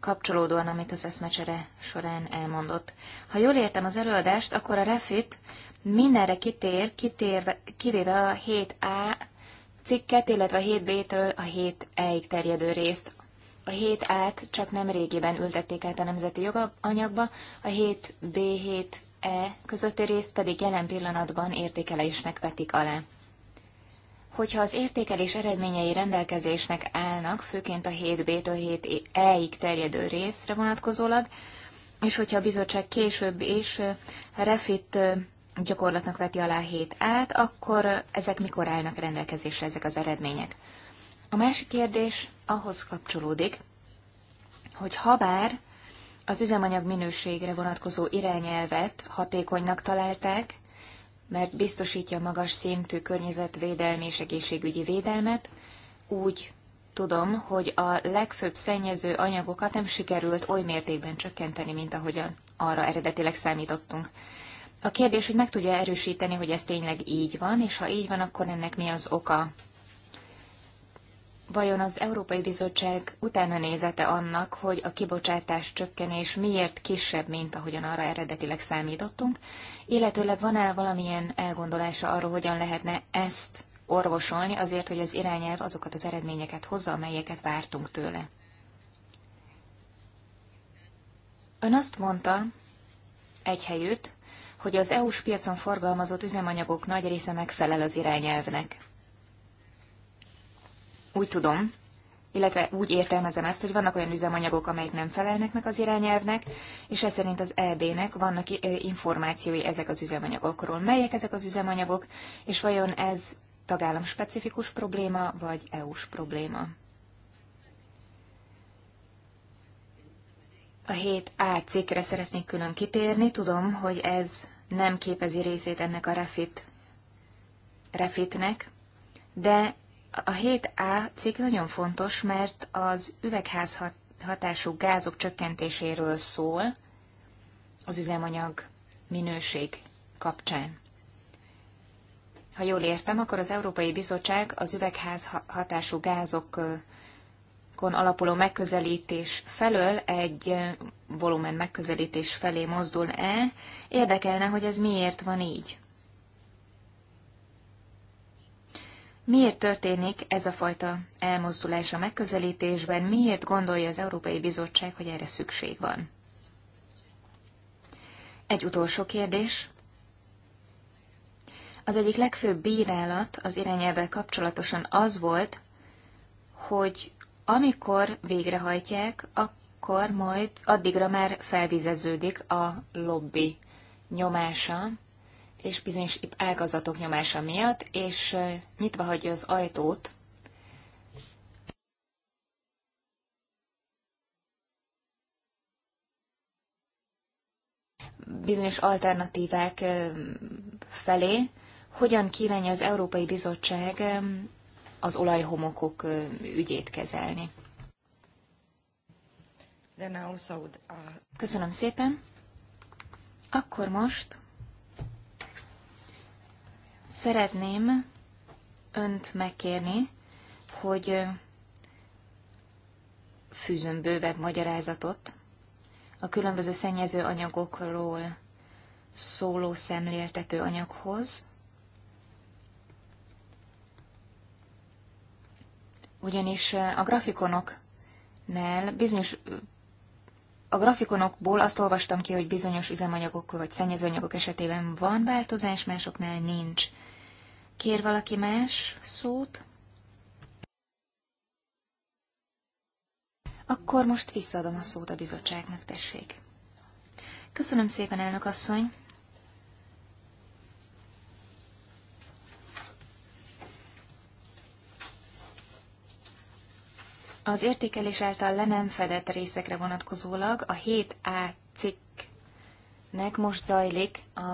kapcsolódóan, amit az eszmecsere során elmondott. Ha jól értem az előadást, akkor a refit mindenre kitér, kitér kivéve a 7A cikket, illetve a 7b-től a 7e-ig terjedő részt. A 7-át csak nem régiben ültették át a nemzeti joganyagba, a 7b, 7e közötti részt pedig jelen pillanatban értékelésnek vetik alá. Hogyha az értékelés eredményei rendelkezésnek állnak, főként a 7b-től 7e-ig terjedő részre vonatkozólag, és hogyha a bizottság később is eh, refit eh, gyakorlatnak veti alá hét át, akkor ezek mikor állnak rendelkezésre ezek az eredmények? A másik kérdés ahhoz kapcsolódik, hogy habár az üzemanyag minőségre vonatkozó irányelvet hatékonynak találták, mert biztosítja magas szintű környezetvédelmi és egészségügyi védelmet, úgy tudom, hogy a legfőbb szennyező anyagokat nem sikerült oly mértékben csökkenteni, mint ahogyan arra eredetileg számítottunk. A kérdés, hogy meg tudja erősíteni, hogy ez tényleg így van, és ha így van, akkor ennek mi az oka? Vajon az Európai Bizottság utána nézete annak, hogy a kibocsátás csökkenés miért kisebb, mint ahogyan arra eredetileg számítottunk, illetőleg van-e valamilyen elgondolása arról, hogyan lehetne ezt orvosolni azért, hogy az irányelv azokat az eredményeket hozza, amelyeket vártunk tőle? Ön azt mondta egy helyütt, hogy az EU-s piacon forgalmazott üzemanyagok nagy része megfelel az irányelvnek. Úgy tudom, illetve úgy értelmezem ezt, hogy vannak olyan üzemanyagok, amelyek nem felelnek meg az irányelvnek, és ez szerint az EB-nek vannak információi ezek az üzemanyagokról. Melyek ezek az üzemanyagok, és vajon ez tagállam specifikus probléma, vagy EU-s probléma? a 7A cikkre szeretnék külön kitérni. Tudom, hogy ez nem képezi részét ennek a refit, refitnek, de a 7A cikk nagyon fontos, mert az üvegház hatású gázok csökkentéséről szól az üzemanyag minőség kapcsán. Ha jól értem, akkor az Európai Bizottság az üvegház hatású gázok volumenokon alapuló megközelítés felől egy volumen megközelítés felé mozdul-e. Érdekelne, hogy ez miért van így. Miért történik ez a fajta elmozdulás a megközelítésben, miért gondolja az Európai Bizottság, hogy erre szükség van? Egy utolsó kérdés. Az egyik legfőbb bírálat az irányelvvel kapcsolatosan az volt, hogy amikor végrehajtják, akkor majd addigra már felvizeződik a lobby nyomása, és bizonyos ágazatok nyomása miatt, és nyitva hagyja az ajtót bizonyos alternatívák felé, hogyan kívánja az Európai Bizottság az olajhomokok ügyét kezelni. Uh, Köszönöm szépen. Akkor most szeretném önt megkérni, hogy fűzön bővebb magyarázatot a különböző szennyező anyagokról szóló szemléltető anyaghoz, ugyanis eh, a grafikonoknál bizonyos a grafikonokból azt olvastam ki, hogy bizonyos üzemanyagok vagy szennyezőanyagok esetében van változás, másoknál nincs. Kér valaki más szót? Akkor most visszaadom a szót a bizottságnak, tessék. Köszönöm szépen, elnök asszony. Az értékelés által le nem fedett részekre vonatkozólag a 7A cikknek most zajlik a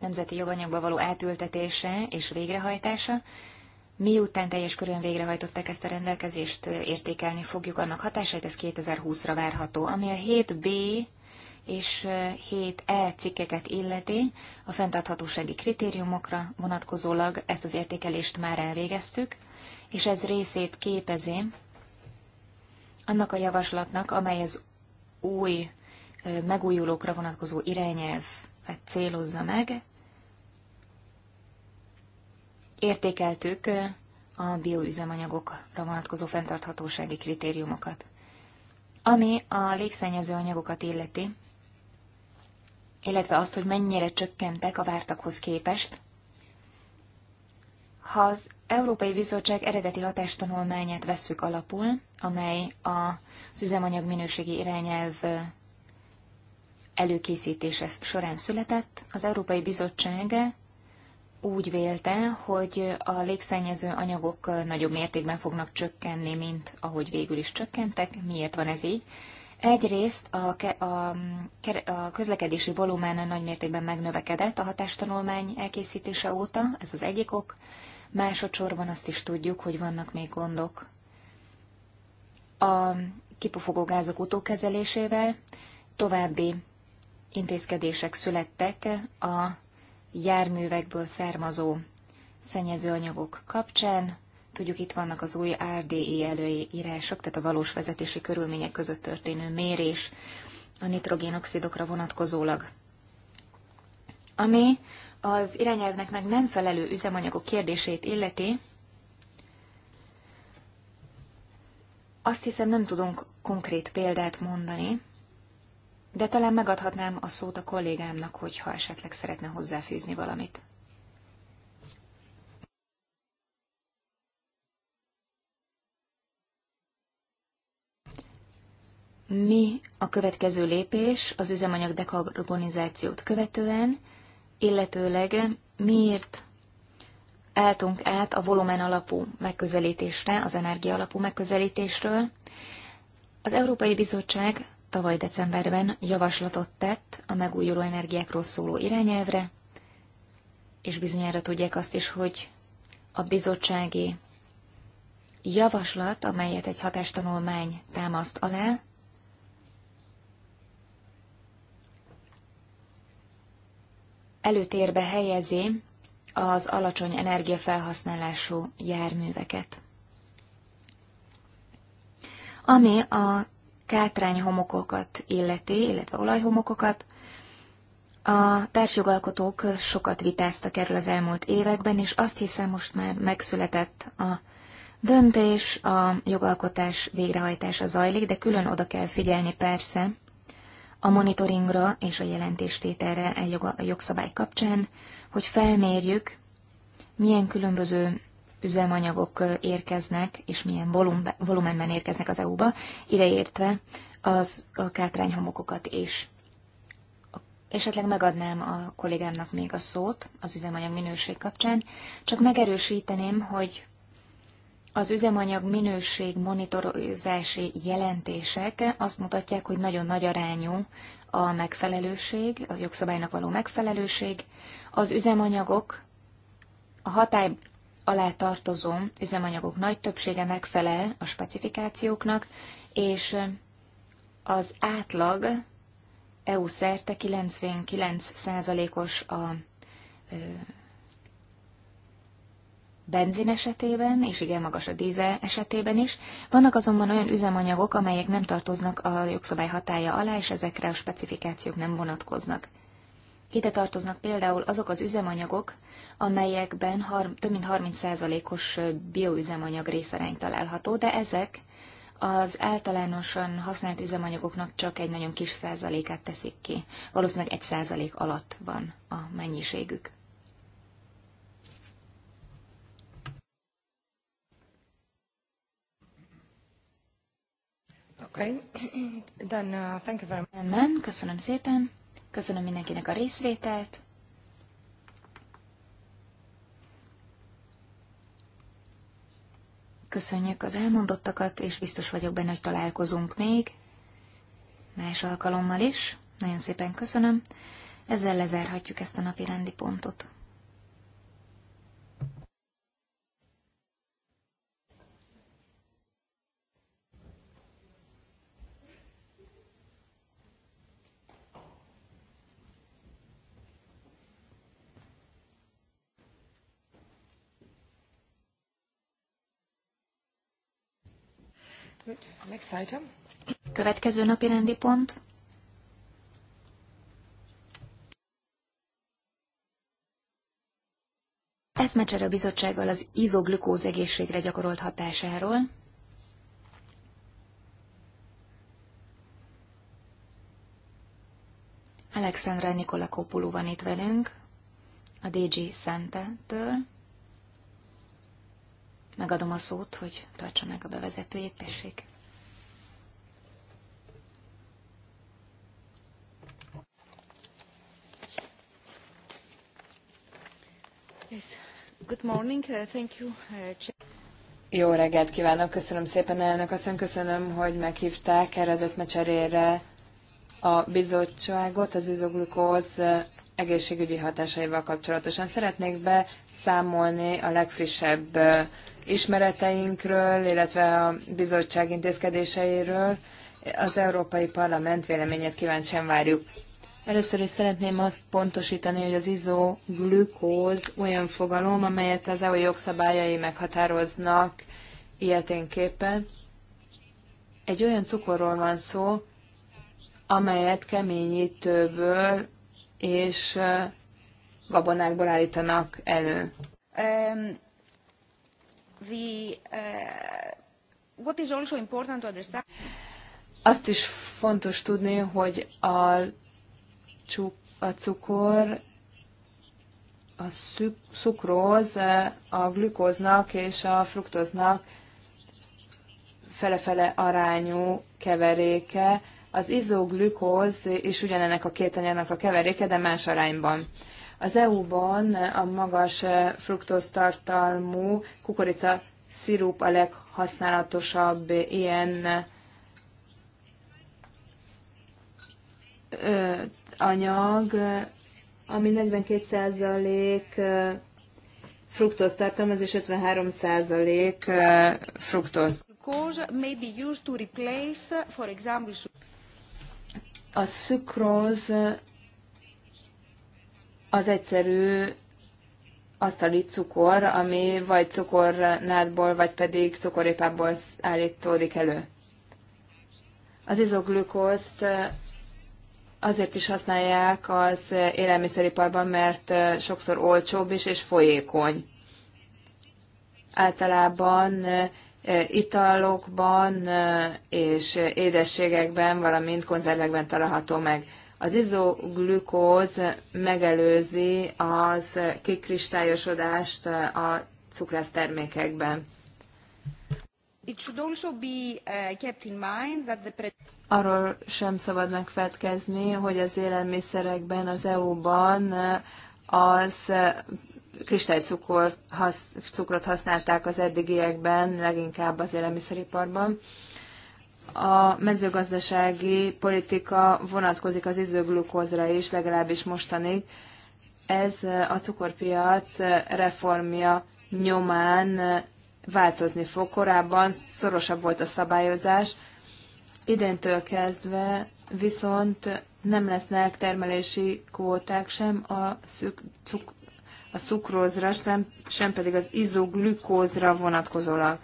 nemzeti joganyagba való átültetése és végrehajtása. Miután teljes körön végrehajtották ezt a rendelkezést, értékelni fogjuk annak hatásait, ez 2020-ra várható. Ami a 7B és 7E cikkeket illeti, a fenntarthatósági kritériumokra vonatkozólag ezt az értékelést már elvégeztük, és ez részét képezi annak a javaslatnak, amely az új megújulókra vonatkozó irányelvet célozza meg. Értékeltük a bioüzemanyagokra vonatkozó fenntarthatósági kritériumokat. Ami a légszennyező anyagokat illeti, illetve azt, hogy mennyire csökkentek a vártakhoz képest, ha az Európai Bizottság eredeti hatástanulmányát vesszük alapul, amely az üzemanyag minőségi irányelv előkészítése során született. Az Európai Bizottság úgy vélte, hogy a légszennyező anyagok nagyobb mértékben fognak csökkenni, mint ahogy végül is csökkentek. Miért van ez így? Egyrészt a, a, a közlekedési volumen nagy mértékben megnövekedett a hatástanulmány elkészítése óta, ez az egyik ok. Másodszorban azt is tudjuk, hogy vannak még gondok a kipufogó gázok utókezelésével. További intézkedések születtek a járművekből származó szennyezőanyagok kapcsán. Tudjuk, itt vannak az új RDE előírások, tehát a valós vezetési körülmények között történő mérés a nitrogénoxidokra vonatkozólag. Ami az irányelvnek meg nem felelő üzemanyagok kérdését illeti, azt hiszem nem tudunk konkrét példát mondani, de talán megadhatnám a szót a kollégámnak, hogyha esetleg szeretne hozzáfűzni valamit. Mi a következő lépés az üzemanyag dekarbonizációt követően? illetőleg miért álltunk át a volumen alapú megközelítésre, az energia alapú megközelítésről. Az Európai Bizottság tavaly decemberben javaslatot tett a megújuló energiákról szóló irányelvre, és bizonyára tudják azt is, hogy a bizottsági javaslat, amelyet egy hatástanulmány támaszt alá, előtérbe helyezi az alacsony energiafelhasználású járműveket. Ami a kátrányhomokokat illeti, illetve olajhomokokat, a társjogalkotók sokat vitáztak erről az elmúlt években, és azt hiszem most már megszületett a döntés, a jogalkotás végrehajtása zajlik, de külön oda kell figyelni persze a monitoringra és a jelentéstételre a jogszabály kapcsán, hogy felmérjük, milyen különböző üzemanyagok érkeznek, és milyen volumenben érkeznek az EU-ba, ideértve az a kátrányhomokokat is. Esetleg megadnám a kollégámnak még a szót az üzemanyag minőség kapcsán, csak megerősíteném, hogy az üzemanyag minőség monitorozási jelentések azt mutatják, hogy nagyon nagy arányú a megfelelőség, az jogszabálynak való megfelelőség. Az üzemanyagok, a hatály alá tartozó üzemanyagok nagy többsége megfelel a specifikációknak, és az átlag EU szerte 99%-os a benzin esetében, és igen magas a dízel esetében is. Vannak azonban olyan üzemanyagok, amelyek nem tartoznak a jogszabály hatája alá, és ezekre a specifikációk nem vonatkoznak. Ide tartoznak például azok az üzemanyagok, amelyekben har- több mint 30%-os bioüzemanyag részarány található, de ezek az általánosan használt üzemanyagoknak csak egy nagyon kis százalékát teszik ki. Valószínűleg egy százalék alatt van a mennyiségük. Uh, Rendben, köszönöm szépen. Köszönöm mindenkinek a részvételt. Köszönjük az elmondottakat, és biztos vagyok benne, hogy találkozunk még más alkalommal is. Nagyon szépen köszönöm. Ezzel lezárhatjuk ezt a napi rendi pontot. next item. Következő napi rendi pont. Eszmecsere a bizottsággal az izoglükóz egészségre gyakorolt hatásáról. Alexandra Nikola Kopulu van itt velünk, a DG Szente-től. Megadom a szót, hogy tartsa meg a bevezetőjét, tessék. Uh, uh, Jó reggelt kívánok, köszönöm szépen elnök, aztán köszönöm, hogy meghívták erre az eszmecserére a bizottságot az üzoglükóz uh, egészségügyi hatásaival kapcsolatosan. Szeretnék beszámolni a legfrissebb ismereteinkről, illetve a bizottság intézkedéseiről. Az Európai Parlament véleményét kíváncsian várjuk. Először is szeretném azt pontosítani, hogy az izoglükóz olyan fogalom, amelyet az EU jogszabályai meghatároznak ilyeténképpen. Egy olyan cukorról van szó, amelyet keményítőből és gabonákból állítanak elő. Um, the, uh, what is also important to understand... Azt is fontos tudni, hogy a a cukor, a szukróz a glükóznak és a fruktóznak fele-fele arányú keveréke. Az izoglükóz is ugyanennek a két anyagnak a keveréke, de más arányban. Az EU-ban a magas fruktóztartalmú kukorica szirup a leghasználatosabb ilyen anyag, ami 42% fruktóz tartalmaz és 53% fruktóz. A szükróz az egyszerű asztali cukor, ami vagy cukornádból, vagy pedig cukorépából állítódik elő. Az izoglükózt azért is használják az élelmiszeriparban, mert sokszor olcsóbb is és folyékony. Általában italokban és édességekben, valamint konzervekben található meg. Az izoglükóz megelőzi az kikristályosodást a cukrásztermékekben. Uh, Arról sem szabad megfelelkezni, hogy az élelmiszerekben az EU-ban uh, az uh, kristálycukrot cukrot használták az eddigiekben, leginkább az élelmiszeriparban. A mezőgazdasági politika vonatkozik az izoglukózra is, legalábbis mostanig. Ez a cukorpiac reformja nyomán változni fog. Korábban szorosabb volt a szabályozás, idéntől kezdve viszont nem lesznek termelési kvóták sem a, szük, cuk, a szukrózra, sem, sem pedig az izoglükózra vonatkozólag.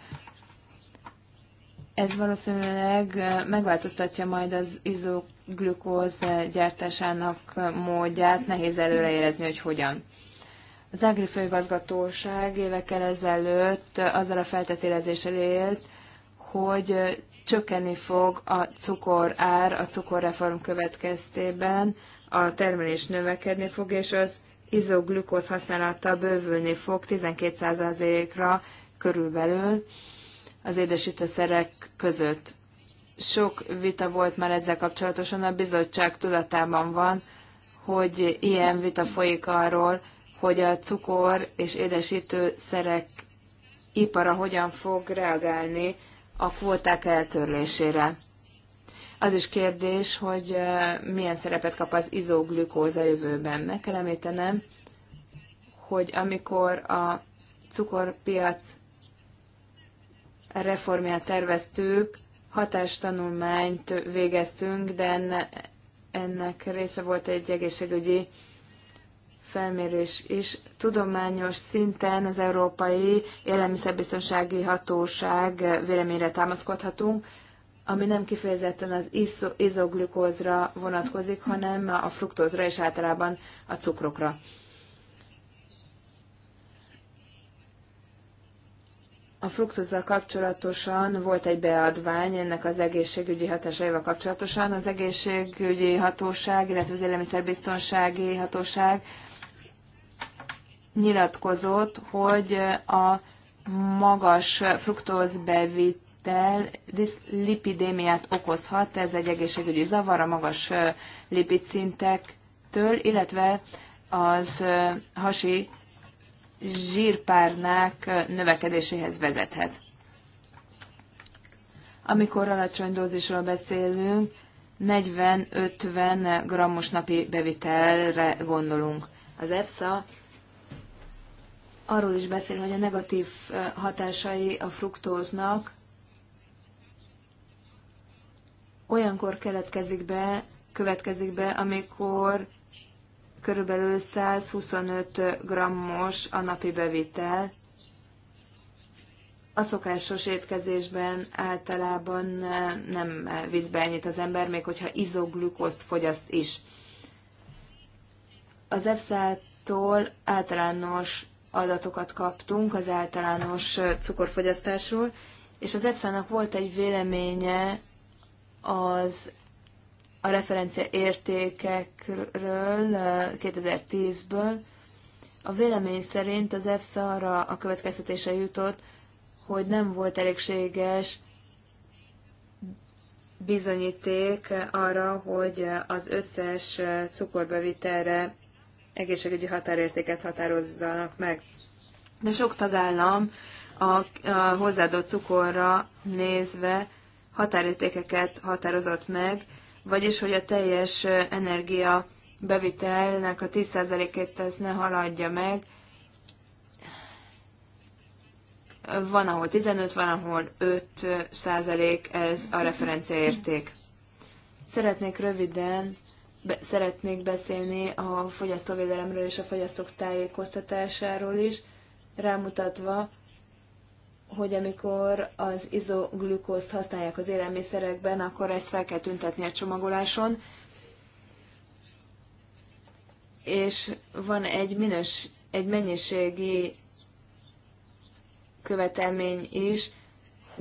Ez valószínűleg megváltoztatja majd az izoglükóz gyártásának módját, nehéz előreérezni, hogy hogyan. Az Ágri főigazgatóság évekkel ezelőtt azzal a feltetélezéssel élt, hogy csökkenni fog a cukor ár a cukorreform következtében, a termelés növekedni fog, és az izoglükóz használata bővülni fog 12%-ra körülbelül az édesítőszerek között. Sok vita volt már ezzel kapcsolatosan, a bizottság tudatában van, hogy ilyen vita folyik arról, hogy a cukor és édesítő szerek ipara hogyan fog reagálni a kvóták eltörlésére. Az is kérdés, hogy milyen szerepet kap az izoglükóz a jövőben. Meg kell említenem, hogy amikor a cukorpiac reformját terveztük, hatástanulmányt végeztünk, de ennek része volt egy egészségügyi felmérés is tudományos szinten az Európai Élelmiszerbiztonsági Hatóság véleményre támaszkodhatunk, ami nem kifejezetten az izoglükózra vonatkozik, hanem a fruktózra és általában a cukrokra. A fruktózzal kapcsolatosan volt egy beadvány ennek az egészségügyi hatásaival kapcsolatosan. Az egészségügyi hatóság, illetve az élelmiszerbiztonsági hatóság nyilatkozott, hogy a magas fruktózbevitel lipidémiát okozhat, ez egy egészségügyi zavar a magas lipidszintektől, illetve az hasi zsírpárnák növekedéséhez vezethet. Amikor alacsony dózisról beszélünk, 40-50 grammos napi bevitelre gondolunk. Az EFSA arról is beszél, hogy a negatív hatásai a fruktóznak olyankor keletkezik be, következik be, amikor körülbelül 125 grammos a napi bevitel. A szokásos étkezésben általában nem visz be ennyit az ember, még hogyha izoglükoszt fogyaszt is. Az EFSA-tól általános adatokat kaptunk az általános cukorfogyasztásról, és az EFSA-nak volt egy véleménye az a referencia értékekről 2010-ből. A vélemény szerint az EFSA arra a következtetése jutott, hogy nem volt elégséges bizonyíték arra, hogy az összes cukorbevitelre egészségügyi határértéket határozzanak meg. De sok tagállam a, a hozzáadott cukorra nézve határértékeket határozott meg, vagyis hogy a teljes energia bevitelnek a 10%-ét ez ne haladja meg. Van, ahol 15, van, ahol 5 százalék, ez a referenciaérték. Szeretnék röviden be, szeretnék beszélni a fogyasztóvédelemről és a fogyasztók tájékoztatásáról is, rámutatva, hogy amikor az izoglükózt használják az élelmiszerekben, akkor ezt fel kell tüntetni a csomagoláson. És van egy, minős, egy mennyiségi követelmény is,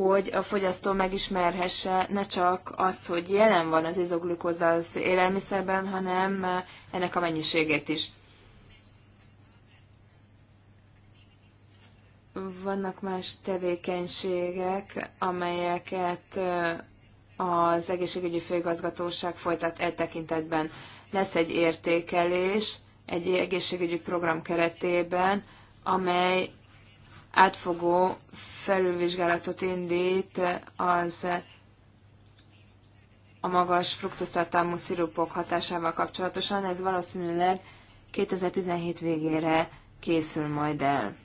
hogy a fogyasztó megismerhesse ne csak azt, hogy jelen van az izoglükóz az élelmiszerben, hanem eh, ennek a mennyiségét is. Vannak más tevékenységek, amelyeket eh, az egészségügyi főigazgatóság folytat e tekintetben. Lesz egy értékelés egy egészségügyi program keretében, amely átfogó felülvizsgálatot indít az a magas fruktusztartalmú szirupok hatásával kapcsolatosan. Ez valószínűleg 2017 végére készül majd el.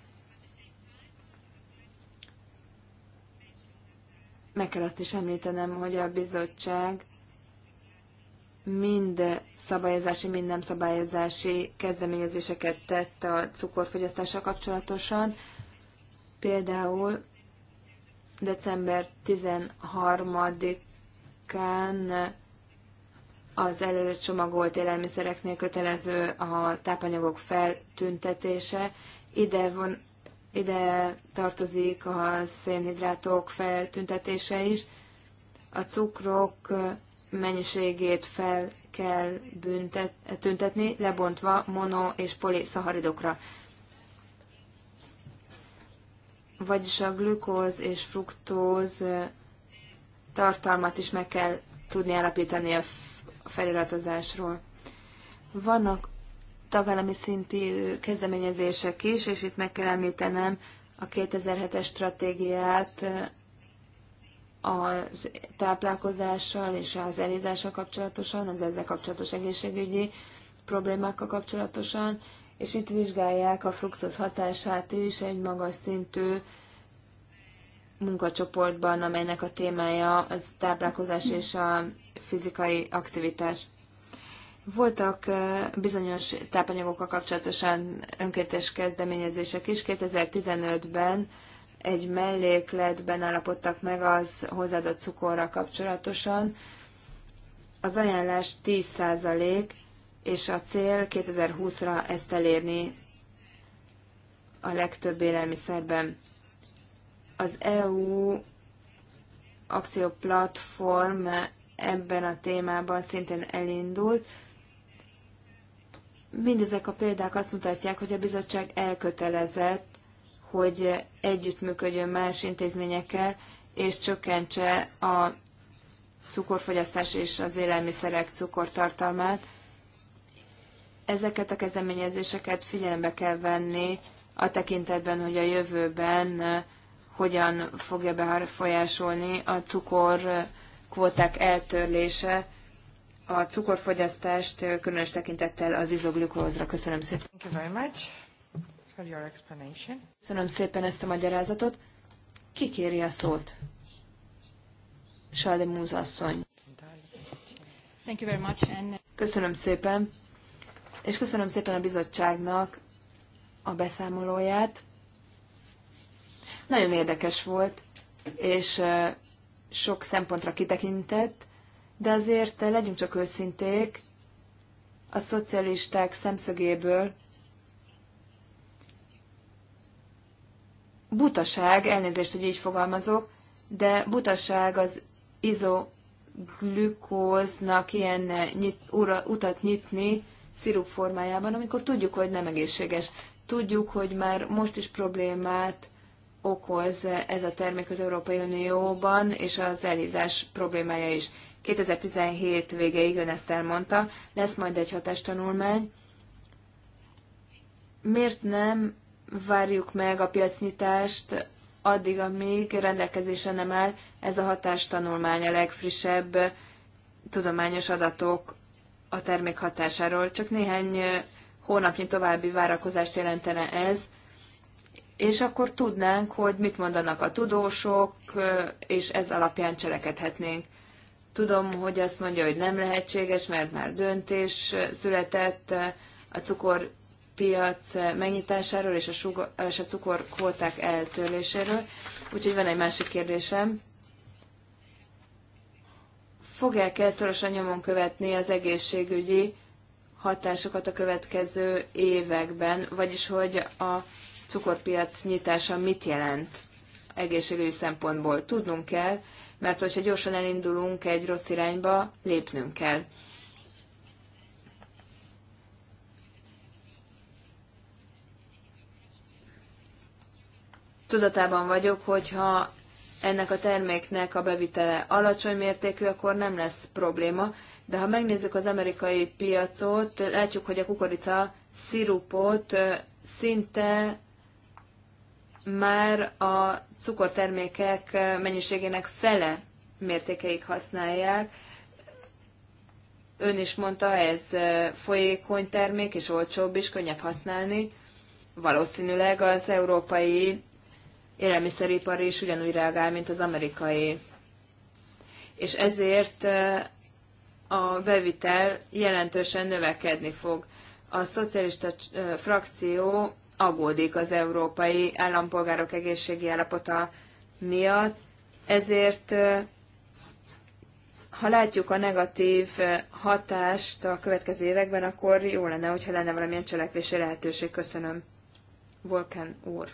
Meg kell azt is említenem, hogy a bizottság mind szabályozási, mind nem szabályozási kezdeményezéseket tett a cukorfogyasztással kapcsolatosan. Például december 13-án az előre csomagolt élelmiszereknél kötelező a tápanyagok feltüntetése. Ide, von, ide tartozik a szénhidrátok feltüntetése is. A cukrok mennyiségét fel kell büntet, tüntetni, lebontva mono- és poliszaharidokra vagyis a glükóz és fruktóz tartalmat is meg kell tudni állapítani a feliratozásról. Vannak tagállami szintű kezdeményezések is, és itt meg kell említenem a 2007-es stratégiát az táplálkozással és az elézással kapcsolatosan, az ezzel kapcsolatos egészségügyi problémákkal kapcsolatosan, és itt vizsgálják a fruktoz hatását is egy magas szintű munkacsoportban, amelynek a témája az táplálkozás és a fizikai aktivitás. Voltak eh, bizonyos tápanyagokkal kapcsolatosan önkéntes kezdeményezések is. 2015-ben egy mellékletben állapodtak meg az hozzáadott cukorra kapcsolatosan. Az ajánlás 10 százalék, és a cél 2020-ra ezt elérni a legtöbb élelmiszerben. Az EU akcióplatform ebben a témában szintén elindult. Mindezek a példák azt mutatják, hogy a bizottság elkötelezett, hogy együttműködjön más intézményekkel, és csökkentse a cukorfogyasztás és az élelmiszerek cukortartalmát. Ezeket a kezdeményezéseket figyelembe kell venni a tekintetben, hogy a jövőben eh, hogyan fogja befolyásolni a cukor eh, kvóták eltörlése a cukorfogyasztást, eh, különös tekintettel az izoglikózra. Köszönöm szépen. Thank you very much for your explanation. Köszönöm szépen ezt a magyarázatot. Ki kéri a szót? Salde Múz asszony. Thank you very much. And... Köszönöm szépen és köszönöm szépen a bizottságnak a beszámolóját. Nagyon érdekes volt, és sok szempontra kitekintett, de azért legyünk csak őszinték, a szocialisták szemszögéből butaság, elnézést, hogy így fogalmazok, de butaság az izoglükóznak ilyen nyit, ura, utat nyitni, szirup formájában, amikor tudjuk, hogy nem egészséges. Tudjuk, hogy már most is problémát okoz ez a termék az Európai Unióban, és az elhízás problémája is. 2017 végéig ön ezt elmondta, lesz majd egy hatástanulmány. Miért nem várjuk meg a piacnyitást addig, amíg rendelkezésre nem áll ez a hatástanulmány a legfrissebb tudományos adatok a termék hatásáról. Csak néhány hónapnyi további várakozást jelentene ez, és akkor tudnánk, hogy mit mondanak a tudósok, és ez alapján cselekedhetnénk. Tudom, hogy azt mondja, hogy nem lehetséges, mert már döntés született a cukorpiac megnyitásáról és a, és a cukorkvóták eltörléséről. Úgyhogy van egy másik kérdésem fogják el szorosan nyomon követni az egészségügyi hatásokat a következő években, vagyis hogy a cukorpiac nyitása mit jelent egészségügyi szempontból. Tudnunk kell, mert hogyha gyorsan elindulunk egy rossz irányba, lépnünk kell. Tudatában vagyok, hogyha ennek a terméknek a bevitele alacsony mértékű, akkor nem lesz probléma. De ha megnézzük az amerikai piacot, látjuk, hogy a kukorica szirupot szinte már a cukortermékek mennyiségének fele mértékeig használják. Ön is mondta, ez folyékony termék, és olcsóbb is, könnyebb használni. Valószínűleg az európai élelmiszeripar is ugyanúgy reagál, mint az amerikai. És ezért a bevitel jelentősen növekedni fog. A szocialista frakció aggódik az európai állampolgárok egészségi állapota miatt, ezért ha látjuk a negatív hatást a következő években, akkor jó lenne, hogyha lenne valamilyen cselekvési lehetőség. Köszönöm. Volken úr.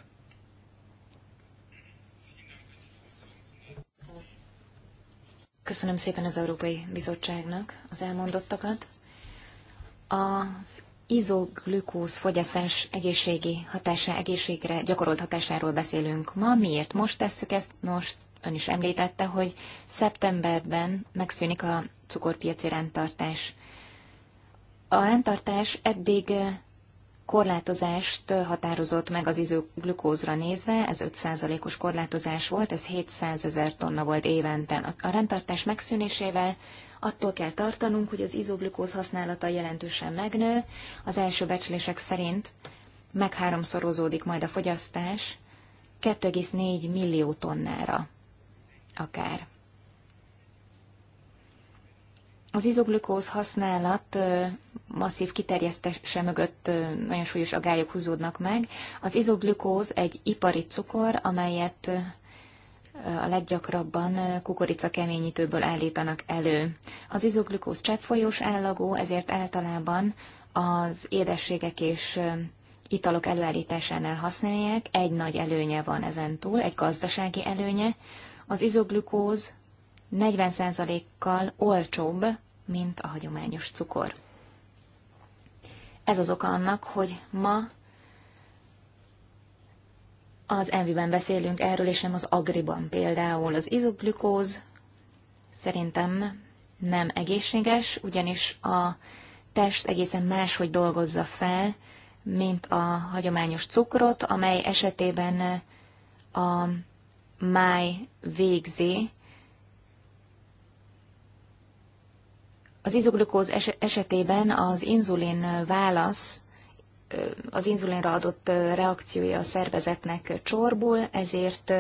Köszönöm szépen az Európai Bizottságnak az elmondottakat. Az izoglükóz fogyasztás egészségi hatása, egészségre gyakorolt hatásáról beszélünk ma. Miért most tesszük ezt? Nos, ön is említette, hogy szeptemberben megszűnik a cukorpiaci rendtartás. A rendtartás eddig korlátozást határozott meg az izoglükózra nézve, ez 5%-os korlátozás volt, ez 700 ezer tonna volt évente. A rendtartás megszűnésével attól kell tartanunk, hogy az izoglükóz használata jelentősen megnő, az első becslések szerint megháromszorozódik majd a fogyasztás 2,4 millió tonnára akár. Az izoglükóz használat masszív kiterjesztése mögött nagyon súlyos agályok húzódnak meg. Az izoglükóz egy ipari cukor, amelyet a leggyakrabban kukorica keményítőből állítanak elő. Az izoglükóz cseppfolyós állagú, ezért általában az édességek és italok előállításánál használják. Egy nagy előnye van ezen túl, egy gazdasági előnye. Az izoglükóz 40%-kal olcsóbb, mint a hagyományos cukor. Ez az oka annak, hogy ma az enviben beszélünk erről, és nem az agriban például. Az izoglükóz szerintem nem egészséges, ugyanis a test egészen máshogy dolgozza fel, mint a hagyományos cukrot, amely esetében a máj végzi Az izoglukóz esetében az inzulin válasz, az inzulinra adott reakciója a szervezetnek csorbul, ezért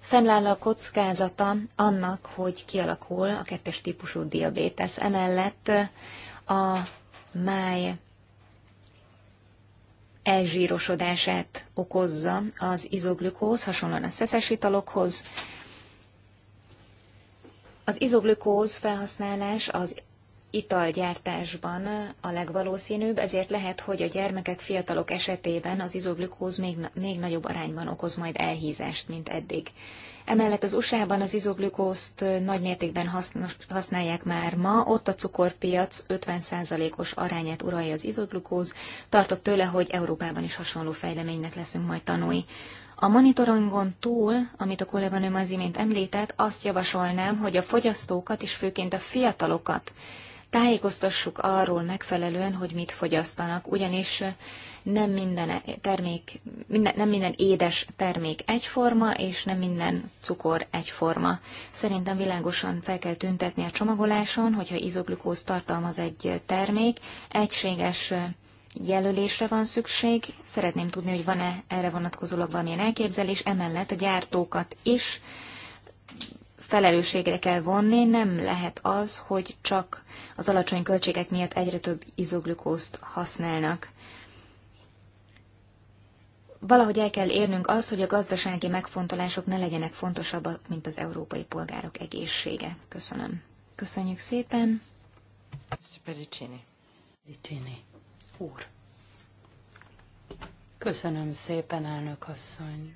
fennáll a kockázata annak, hogy kialakul a kettes típusú diabétesz. Emellett a máj elzsírosodását okozza az izoglükóz, hasonlóan a szeszes italokhoz. Az izoglükóz felhasználás az italgyártásban a legvalószínűbb, ezért lehet, hogy a gyermekek, fiatalok esetében az izoglükóz még, még nagyobb arányban okoz majd elhízást, mint eddig. Emellett az USA-ban az izoglükózt nagy mértékben használják már ma, ott a cukorpiac 50%-os arányát uralja az izoglükóz, tartok tőle, hogy Európában is hasonló fejleménynek leszünk majd tanulni. A monitoringon túl, amit a kolléganőm az imént említett, azt javasolnám, hogy a fogyasztókat és főként a fiatalokat tájékoztassuk arról megfelelően, hogy mit fogyasztanak, ugyanis nem minden, termék, minden, nem minden édes termék egyforma, és nem minden cukor egyforma. Szerintem világosan fel kell tüntetni a csomagoláson, hogyha izoglükóz tartalmaz egy termék, egységes jelölésre van szükség. Szeretném tudni, hogy van-e erre vonatkozólag valamilyen elképzelés, emellett a gyártókat is felelősségre kell vonni, nem lehet az, hogy csak az alacsony költségek miatt egyre több izoglükózt használnak. Valahogy el kell érnünk azt, hogy a gazdasági megfontolások ne legyenek fontosabbak, mint az európai polgárok egészsége. Köszönöm. Köszönjük szépen. Úr. Köszönöm szépen, elnök asszony.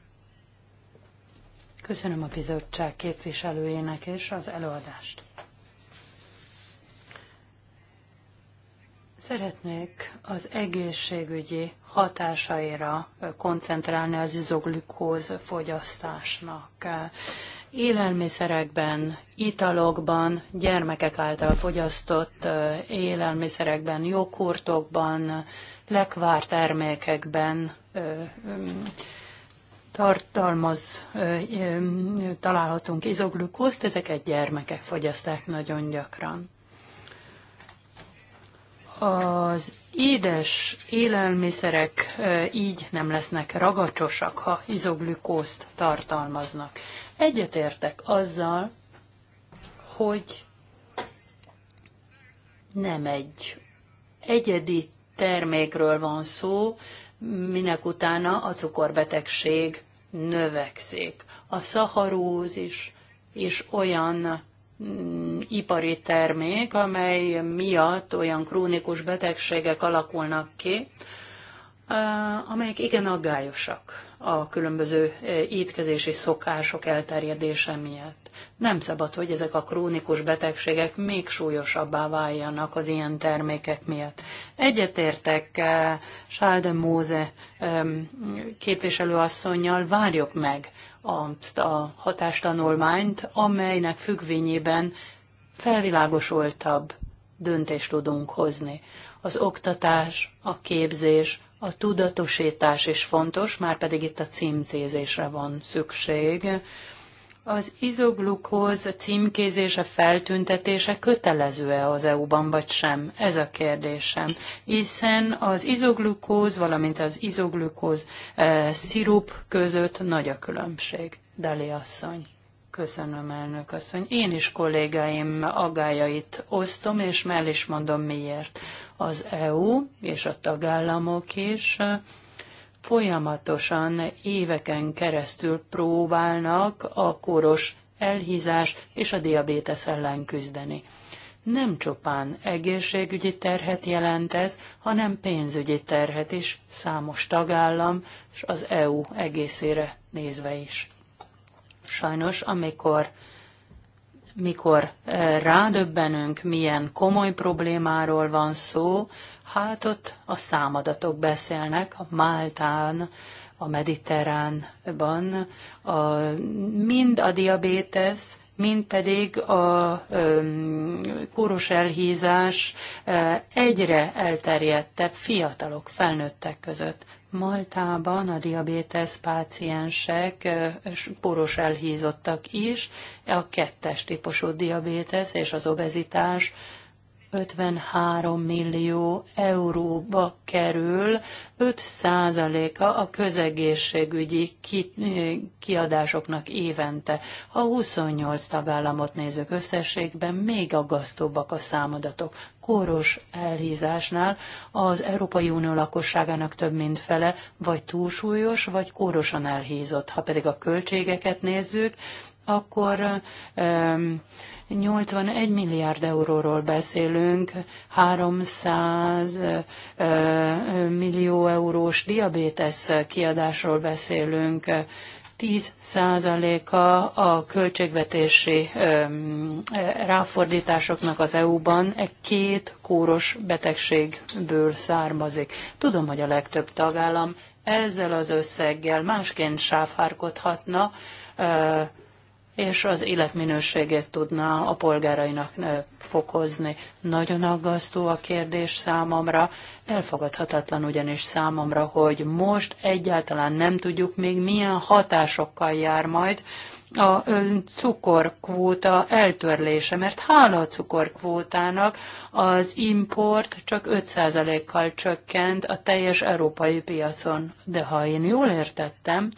Köszönöm a bizottság képviselőjének és az előadást. Szeretnék az egészségügyi hatásaira koncentrálni az izoglükóz fogyasztásnak. Élelmiszerekben, italokban, gyermekek által fogyasztott élelmiszerekben, joghurtokban, lekvár termékekben, tartalmaz, találhatunk izoglükózt, ezeket gyermekek fogyaszták nagyon gyakran. Az édes élelmiszerek így nem lesznek ragacsosak, ha izoglükózt tartalmaznak. Egyetértek azzal, hogy nem egy egyedi termékről van szó, minek utána a cukorbetegség növekszik. A szaharóz is, is olyan mm, ipari termék, amely miatt olyan krónikus betegségek alakulnak ki, amelyek igen aggályosak a különböző étkezési szokások elterjedése miatt. Nem szabad, hogy ezek a krónikus betegségek még súlyosabbá váljanak az ilyen termékek miatt. Egyetértek eh, Sálde Móze képviselőasszonynal, várjuk meg azt a hatástanulmányt, amelynek függvényében felvilágosultabb döntést tudunk hozni. Az oktatás, a képzés, a tudatosítás is fontos, már pedig itt a címcézésre van szükség az izoglukóz címkézése, feltüntetése kötelező-e az EU-ban, vagy sem? Ez a kérdésem. Hiszen az izoglukóz, valamint az izoglukóz e, eh, szirup között nagy a különbség. Deli asszony. Köszönöm, elnök asszony. Én is kollégáim agájait osztom, és már is mondom miért. Az EU és a tagállamok is eh, folyamatosan éveken keresztül próbálnak a kóros elhízás és a diabétesz ellen küzdeni. Nem csupán egészségügyi terhet jelent ez, hanem pénzügyi terhet is számos tagállam és az EU egészére nézve is. Sajnos, amikor mikor eh, rádöbbenünk, milyen komoly problémáról van szó, Hát ott a számadatok beszélnek, a Máltán, a Mediterránban, a, mind a diabétesz, mind pedig a kóros elhízás egyre elterjedtebb fiatalok, felnőttek között. Maltában a diabétesz páciensek poros elhízottak is, a kettes típusú diabétesz és az obezitás 53 millió euróba kerül, 5 százaléka a közegészségügyi ki, eh, kiadásoknak évente. Ha 28 tagállamot nézzük összességben, még aggasztóbbak a számadatok. Kóros elhízásnál az Európai Unió lakosságának több mint fele vagy túlsúlyos, vagy kórosan elhízott. Ha pedig a költségeket nézzük, akkor um, 81 milliárd euróról beszélünk, 300 millió eurós diabétesz kiadásról beszélünk, 10%-a a költségvetési ráfordításoknak az EU-ban egy két kóros betegségből származik. Tudom, hogy a legtöbb tagállam ezzel az összeggel másként sáfárkodhatna, és az életminőségét tudná a polgárainak fokozni. Nagyon aggasztó a kérdés számomra, elfogadhatatlan ugyanis számomra, hogy most egyáltalán nem tudjuk még milyen hatásokkal jár majd a cukorkvóta eltörlése, mert hála a cukorkvótának az import csak 5%-kal csökkent a teljes európai piacon. De ha én jól értettem,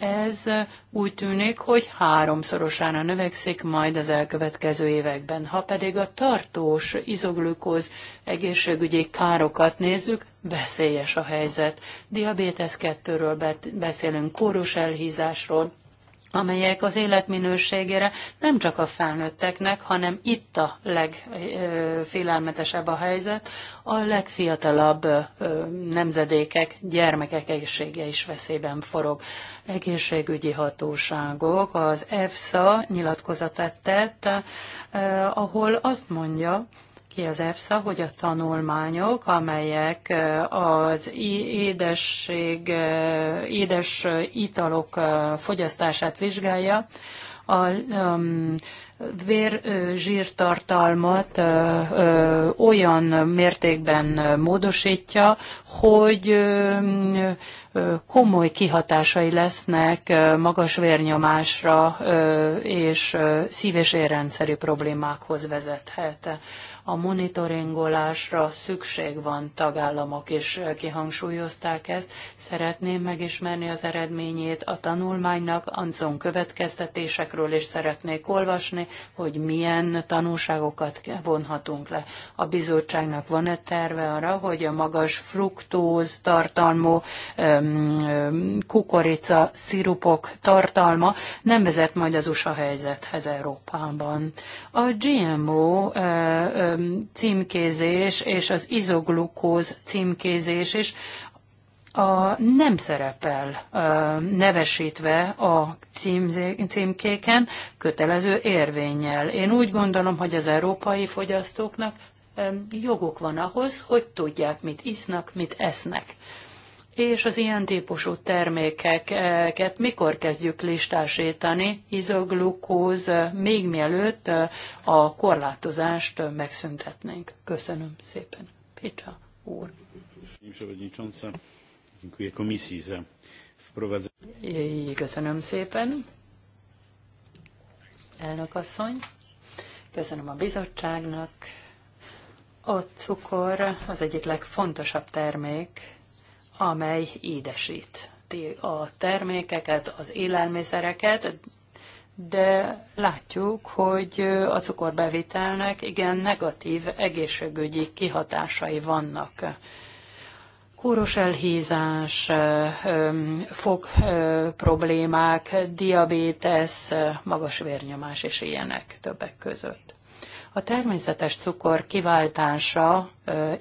ez úgy tűnik, hogy háromszorosára növekszik majd az elkövetkező években. Ha pedig a tartós izoglükóz egészségügyi károkat nézzük, veszélyes a helyzet. Diabetes 2-ről beszélünk, kórus elhízásról, amelyek az életminőségére nem csak a felnőtteknek, hanem itt a legfélelmetesebb a helyzet, a legfiatalabb nemzedékek, gyermekek egészsége is veszélyben forog. Egészségügyi hatóságok, az EFSA nyilatkozatát tett, ahol azt mondja, ki az EFSA, hogy a tanulmányok, amelyek az édesség, édes italok fogyasztását vizsgálja, a um, vérzsírtartalmat olyan mértékben módosítja, hogy komoly kihatásai lesznek magas vérnyomásra és ö, szív- és érrendszeri problémákhoz vezethet a monitoringolásra szükség van, tagállamok is kihangsúlyozták ezt. Szeretném megismerni az eredményét a tanulmánynak, azon következtetésekről is szeretnék olvasni, hogy milyen tanulságokat vonhatunk le. A bizottságnak van-e terve arra, hogy a magas fruktóz tartalmú kukorica szirupok tartalma nem vezet majd az USA helyzethez Európában. A GMO címkézés és az izoglukóz címkézés is a, nem szerepel a, nevesítve a cím, címkéken kötelező érvényel. Én úgy gondolom, hogy az európai fogyasztóknak joguk van ahhoz, hogy tudják, mit isznak, mit esznek és az ilyen típusú termékeket mikor kezdjük listásítani, izoglukóz, eh, még mielőtt eh, a korlátozást megszüntetnénk. Köszönöm szépen. Picsa úr. Köszönöm szépen. Elnök asszony, köszönöm a bizottságnak. A cukor az egyik legfontosabb termék, amely édesít a termékeket, az élelmiszereket, de látjuk, hogy a cukorbevitelnek igen negatív egészségügyi kihatásai vannak. Kóros elhízás, fog problémák, diabétesz, magas vérnyomás és ilyenek többek között. A természetes cukor kiváltása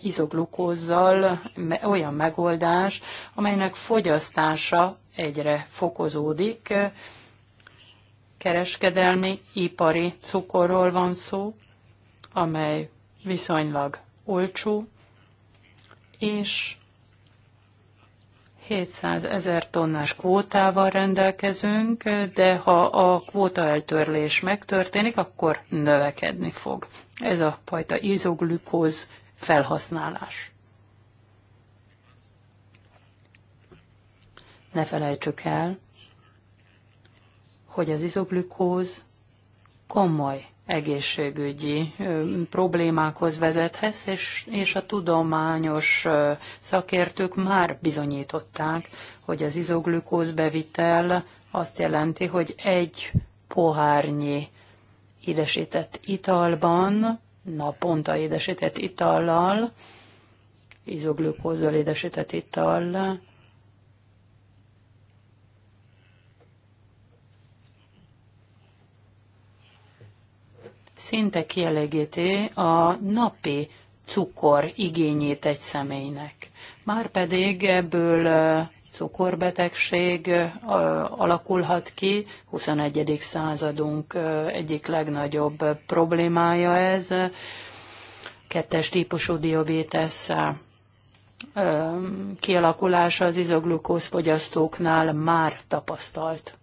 izoglukózzal olyan megoldás, amelynek fogyasztása egyre fokozódik. Kereskedelmi, ipari cukorról van szó, amely viszonylag olcsó, és 700 ezer tonnás kvótával rendelkezünk, de ha a kvóta eltörlés megtörténik, akkor növekedni fog. Ez a fajta izoglükóz felhasználás. Ne felejtsük el, hogy az izoglükóz komoly egészségügyi problémákhoz vezethet, és, és a tudományos szakértők már bizonyították, hogy az izoglükóz bevitel azt jelenti, hogy egy pohárnyi édesített italban, naponta édesített itallal, izoglükózzal édesített itallal szinte kielégíti a napi cukor igényét egy személynek. Márpedig ebből cukorbetegség alakulhat ki, 21. századunk egyik legnagyobb problémája ez, kettes típusú diabetes kialakulása az izoglukóz fogyasztóknál már tapasztalt.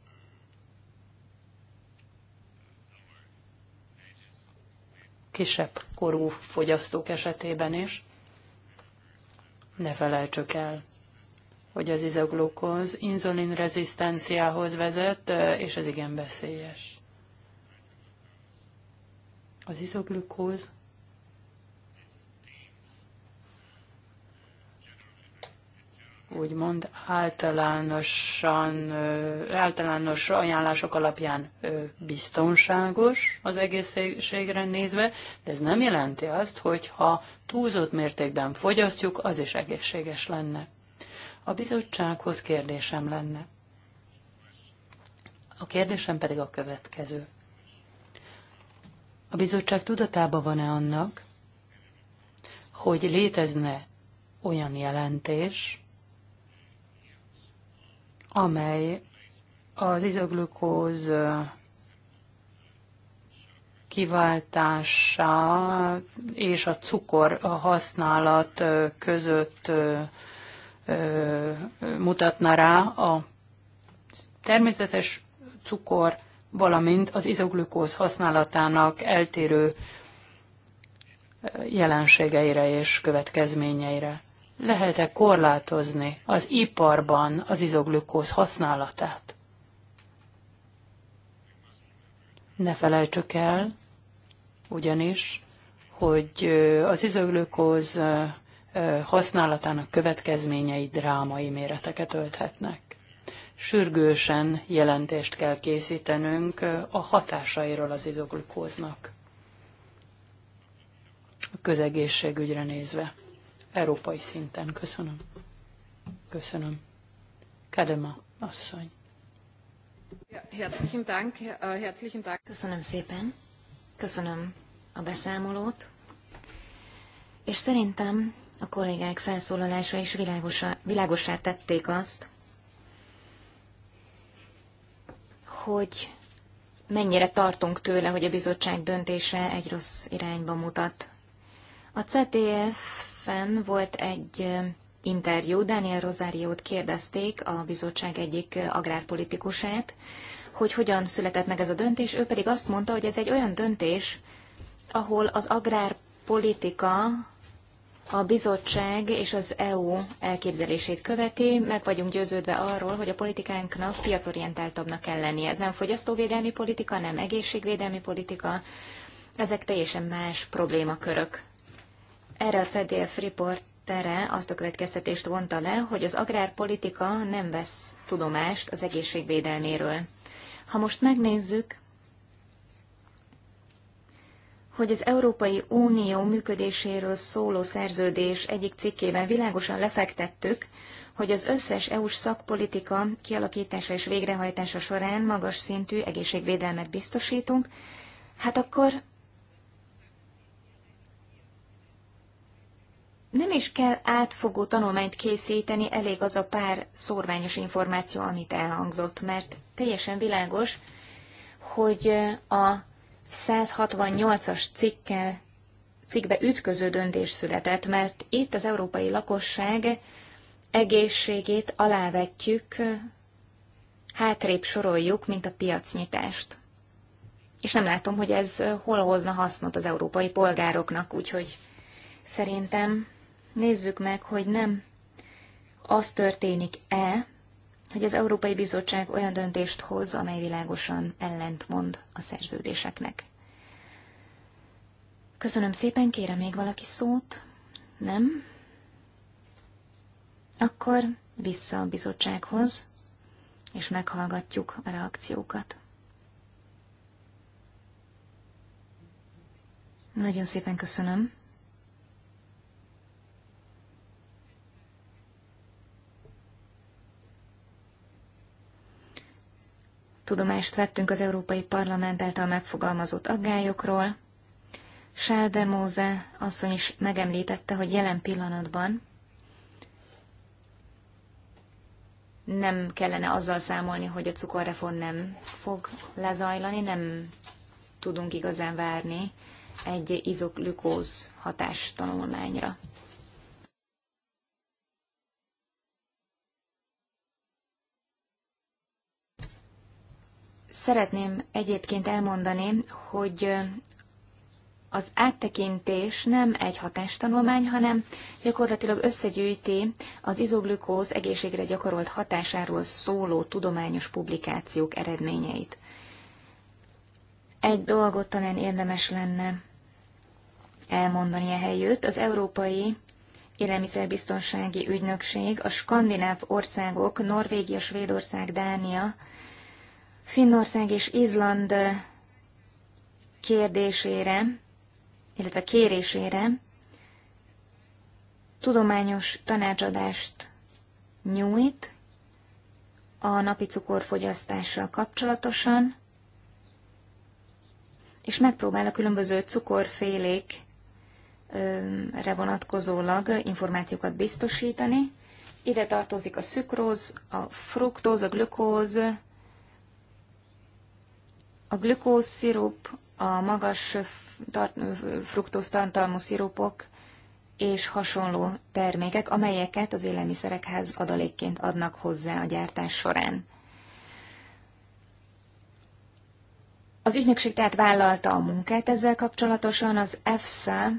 kisebb korú fogyasztók esetében is. Ne felejtsük el, hogy az izoglukóz inzulin rezisztenciához vezet, és ez igen veszélyes. Az izoglukóz úgymond általánosan, általános ajánlások alapján biztonságos az egészségre nézve, de ez nem jelenti azt, hogy ha túlzott mértékben fogyasztjuk, az is egészséges lenne. A bizottsághoz kérdésem lenne. A kérdésem pedig a következő. A bizottság tudatában van-e annak, hogy létezne olyan jelentés, amely az izoglukóz kiváltása és a cukor használat között mutatna rá a természetes cukor, valamint az izoglukóz használatának eltérő jelenségeire és következményeire lehet-e korlátozni az iparban az izoglükóz használatát? Ne felejtsük el, ugyanis, hogy az izoglükóz használatának következményei drámai méreteket ölthetnek. Sürgősen jelentést kell készítenünk a hatásairól az izoglükóznak a közegészségügyre nézve európai szinten. Köszönöm. Köszönöm. Kedema asszony. Äh, Köszönöm szépen. Köszönöm a beszámolót. És szerintem a kollégák felszólalása is világosá, tették azt, hogy mennyire tartunk tőle, hogy a bizottság döntése egy rossz irányba mutat. A CTF fenn volt egy interjú, Daniel Rosáriót kérdezték, a bizottság egyik agrárpolitikusát, hogy hogyan született meg ez a döntés, ő pedig azt mondta, hogy ez egy olyan döntés, ahol az agrárpolitika a bizottság és az EU elképzelését követi, meg vagyunk győződve arról, hogy a politikánknak piacorientáltabbnak kell lennie. Ez nem fogyasztóvédelmi politika, nem egészségvédelmi politika, ezek teljesen más problémakörök. Erre a CDF report tere azt a következtetést vonta le, hogy az agrárpolitika nem vesz tudomást az egészségvédelméről. Ha most megnézzük, hogy az Európai Unió működéséről szóló szerződés egyik cikkében világosan lefektettük, hogy az összes EU-s szakpolitika kialakítása és végrehajtása során magas szintű egészségvédelmet biztosítunk, hát akkor nem is kell átfogó tanulmányt készíteni, elég az a pár szorványos információ, amit elhangzott, mert teljesen világos, hogy a 168-as cikkel, cikkbe ütköző döntés született, mert itt az európai lakosság egészségét alávetjük, hátrébb soroljuk, mint a piacnyitást. És nem látom, hogy ez hol hozna hasznot az európai polgároknak, úgyhogy szerintem nézzük meg, hogy nem az történik-e, hogy az Európai Bizottság olyan döntést hoz, amely világosan ellentmond a szerződéseknek. Köszönöm szépen, kérem még valaki szót? Nem? Akkor vissza a bizottsághoz, és meghallgatjuk a reakciókat. Nagyon szépen köszönöm. tudomást vettünk az Európai Parlament által megfogalmazott aggályokról. Sálde Móze asszony is megemlítette, hogy jelen pillanatban nem kellene azzal számolni, hogy a cukorreform nem fog lezajlani, nem tudunk igazán várni egy izoglükóz hatás tanulmányra. Szeretném egyébként elmondani, hogy az áttekintés nem egy hatástanulmány, hanem gyakorlatilag összegyűjti az izoglükóz egészségre gyakorolt hatásáról szóló tudományos publikációk eredményeit. Egy dolgot talán érdemes lenne elmondani a helyütt. Az Európai Élelmiszerbiztonsági Ügynökség a skandináv országok, Norvégia, Svédország, Dánia, Finnország és Izland eh, kérdésére, illetve kérésére tudományos tanácsadást nyújt a napi cukorfogyasztással kapcsolatosan, és megpróbál a különböző cukorfélékre eh, vonatkozólag információkat biztosítani. Ide tartozik a szükróz, a fruktóz, a glükóz, a glükóz szirup, a magas fruktóztartalmú szirupok és hasonló termékek, amelyeket az élelmiszerekhez adalékként adnak hozzá a gyártás során. Az ügynökség tehát vállalta a munkát ezzel kapcsolatosan, az EFSA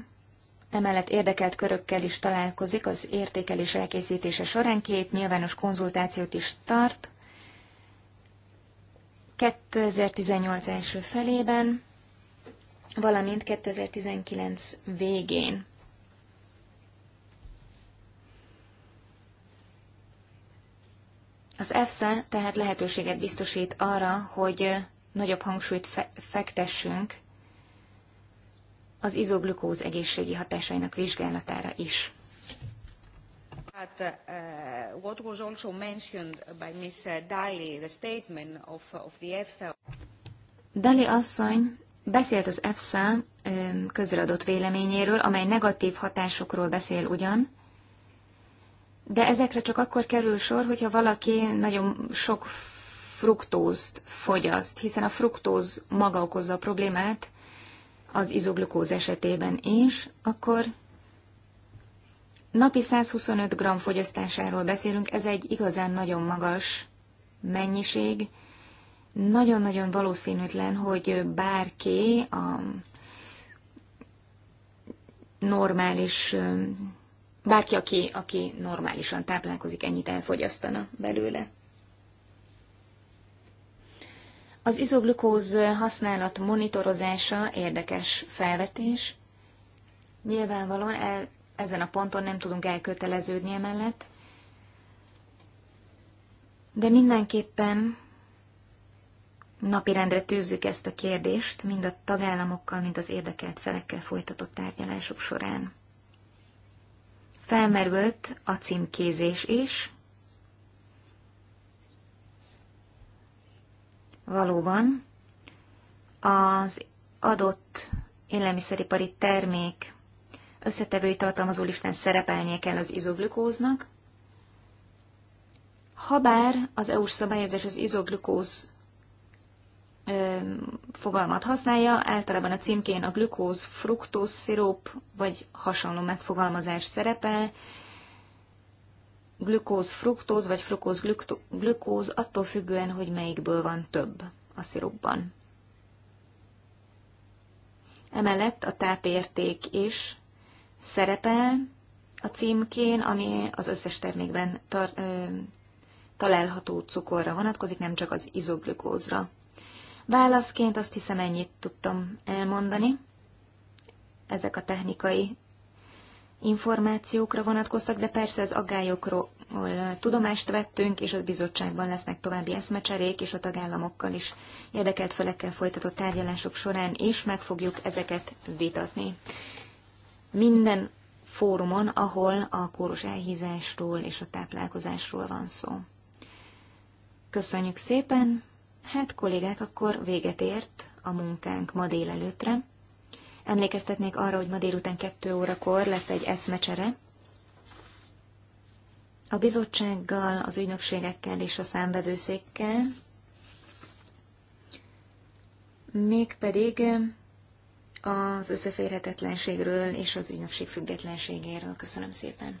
emellett érdekelt körökkel is találkozik az értékelés elkészítése során, két nyilvános konzultációt is tart, 2018 első felében, valamint 2019 végén. Az EFSA tehát lehetőséget biztosít arra, hogy nagyobb hangsúlyt fe- fektessünk az izoglükóz egészségi hatásainak vizsgálatára is. But uh, what was also mentioned by Ms. Daly, the statement of, of the EFSA. Daly asszony beszélt az EFSA um, közreadott véleményéről, amely negatív hatásokról beszél ugyan, de ezekre csak akkor kerül sor, hogyha valaki nagyon sok fruktózt fogyaszt, hiszen a fruktóz maga okozza a problémát az izoglukóz esetében is, akkor Napi 125 g fogyasztásáról beszélünk, ez egy igazán nagyon magas mennyiség. Nagyon-nagyon valószínűtlen, hogy bárki a normális, bárki, aki, aki normálisan táplálkozik, ennyit elfogyasztana belőle. Az izoglukóz használat monitorozása érdekes felvetés. Nyilvánvalóan el, ezen a ponton nem tudunk elköteleződni emellett, de mindenképpen napirendre tűzzük ezt a kérdést, mind a tagállamokkal, mind az érdekelt felekkel folytatott tárgyalások során. Felmerült a címkézés is. Valóban az adott élelmiszeripari termék összetevői tartalmazó listán szerepelnie kell az izoglükóznak, habár az EU-s szabályozás az izoglükóz fogalmat használja, általában a címkén a glükóz, fruktóz, sziróp vagy hasonló megfogalmazás szerepel, glükóz, fruktóz vagy frukóz, glükóz, attól függően, hogy melyikből van több a szirupban. Emellett a tápérték is szerepel a címkén, ami az összes termékben tar- ö, található cukorra vonatkozik, nem csak az izoglükózra. Válaszként azt hiszem ennyit tudtam elmondani. Ezek a technikai információkra vonatkoztak, de persze az aggályokról tudomást vettünk, és a bizottságban lesznek további eszmecserék, és a tagállamokkal is érdekelt felekkel folytatott tárgyalások során is meg fogjuk ezeket vitatni minden fórumon, ahol a kóros elhízástól és a táplálkozásról van szó. Köszönjük szépen! Hát, kollégák, akkor véget ért a munkánk ma délelőtre. Emlékeztetnék arra, hogy ma délután kettő órakor lesz egy eszmecsere. A bizottsággal, az ügynökségekkel és a számbevőszékkel, mégpedig az összeférhetetlenségről és az ügynökség függetlenségéről. Köszönöm szépen.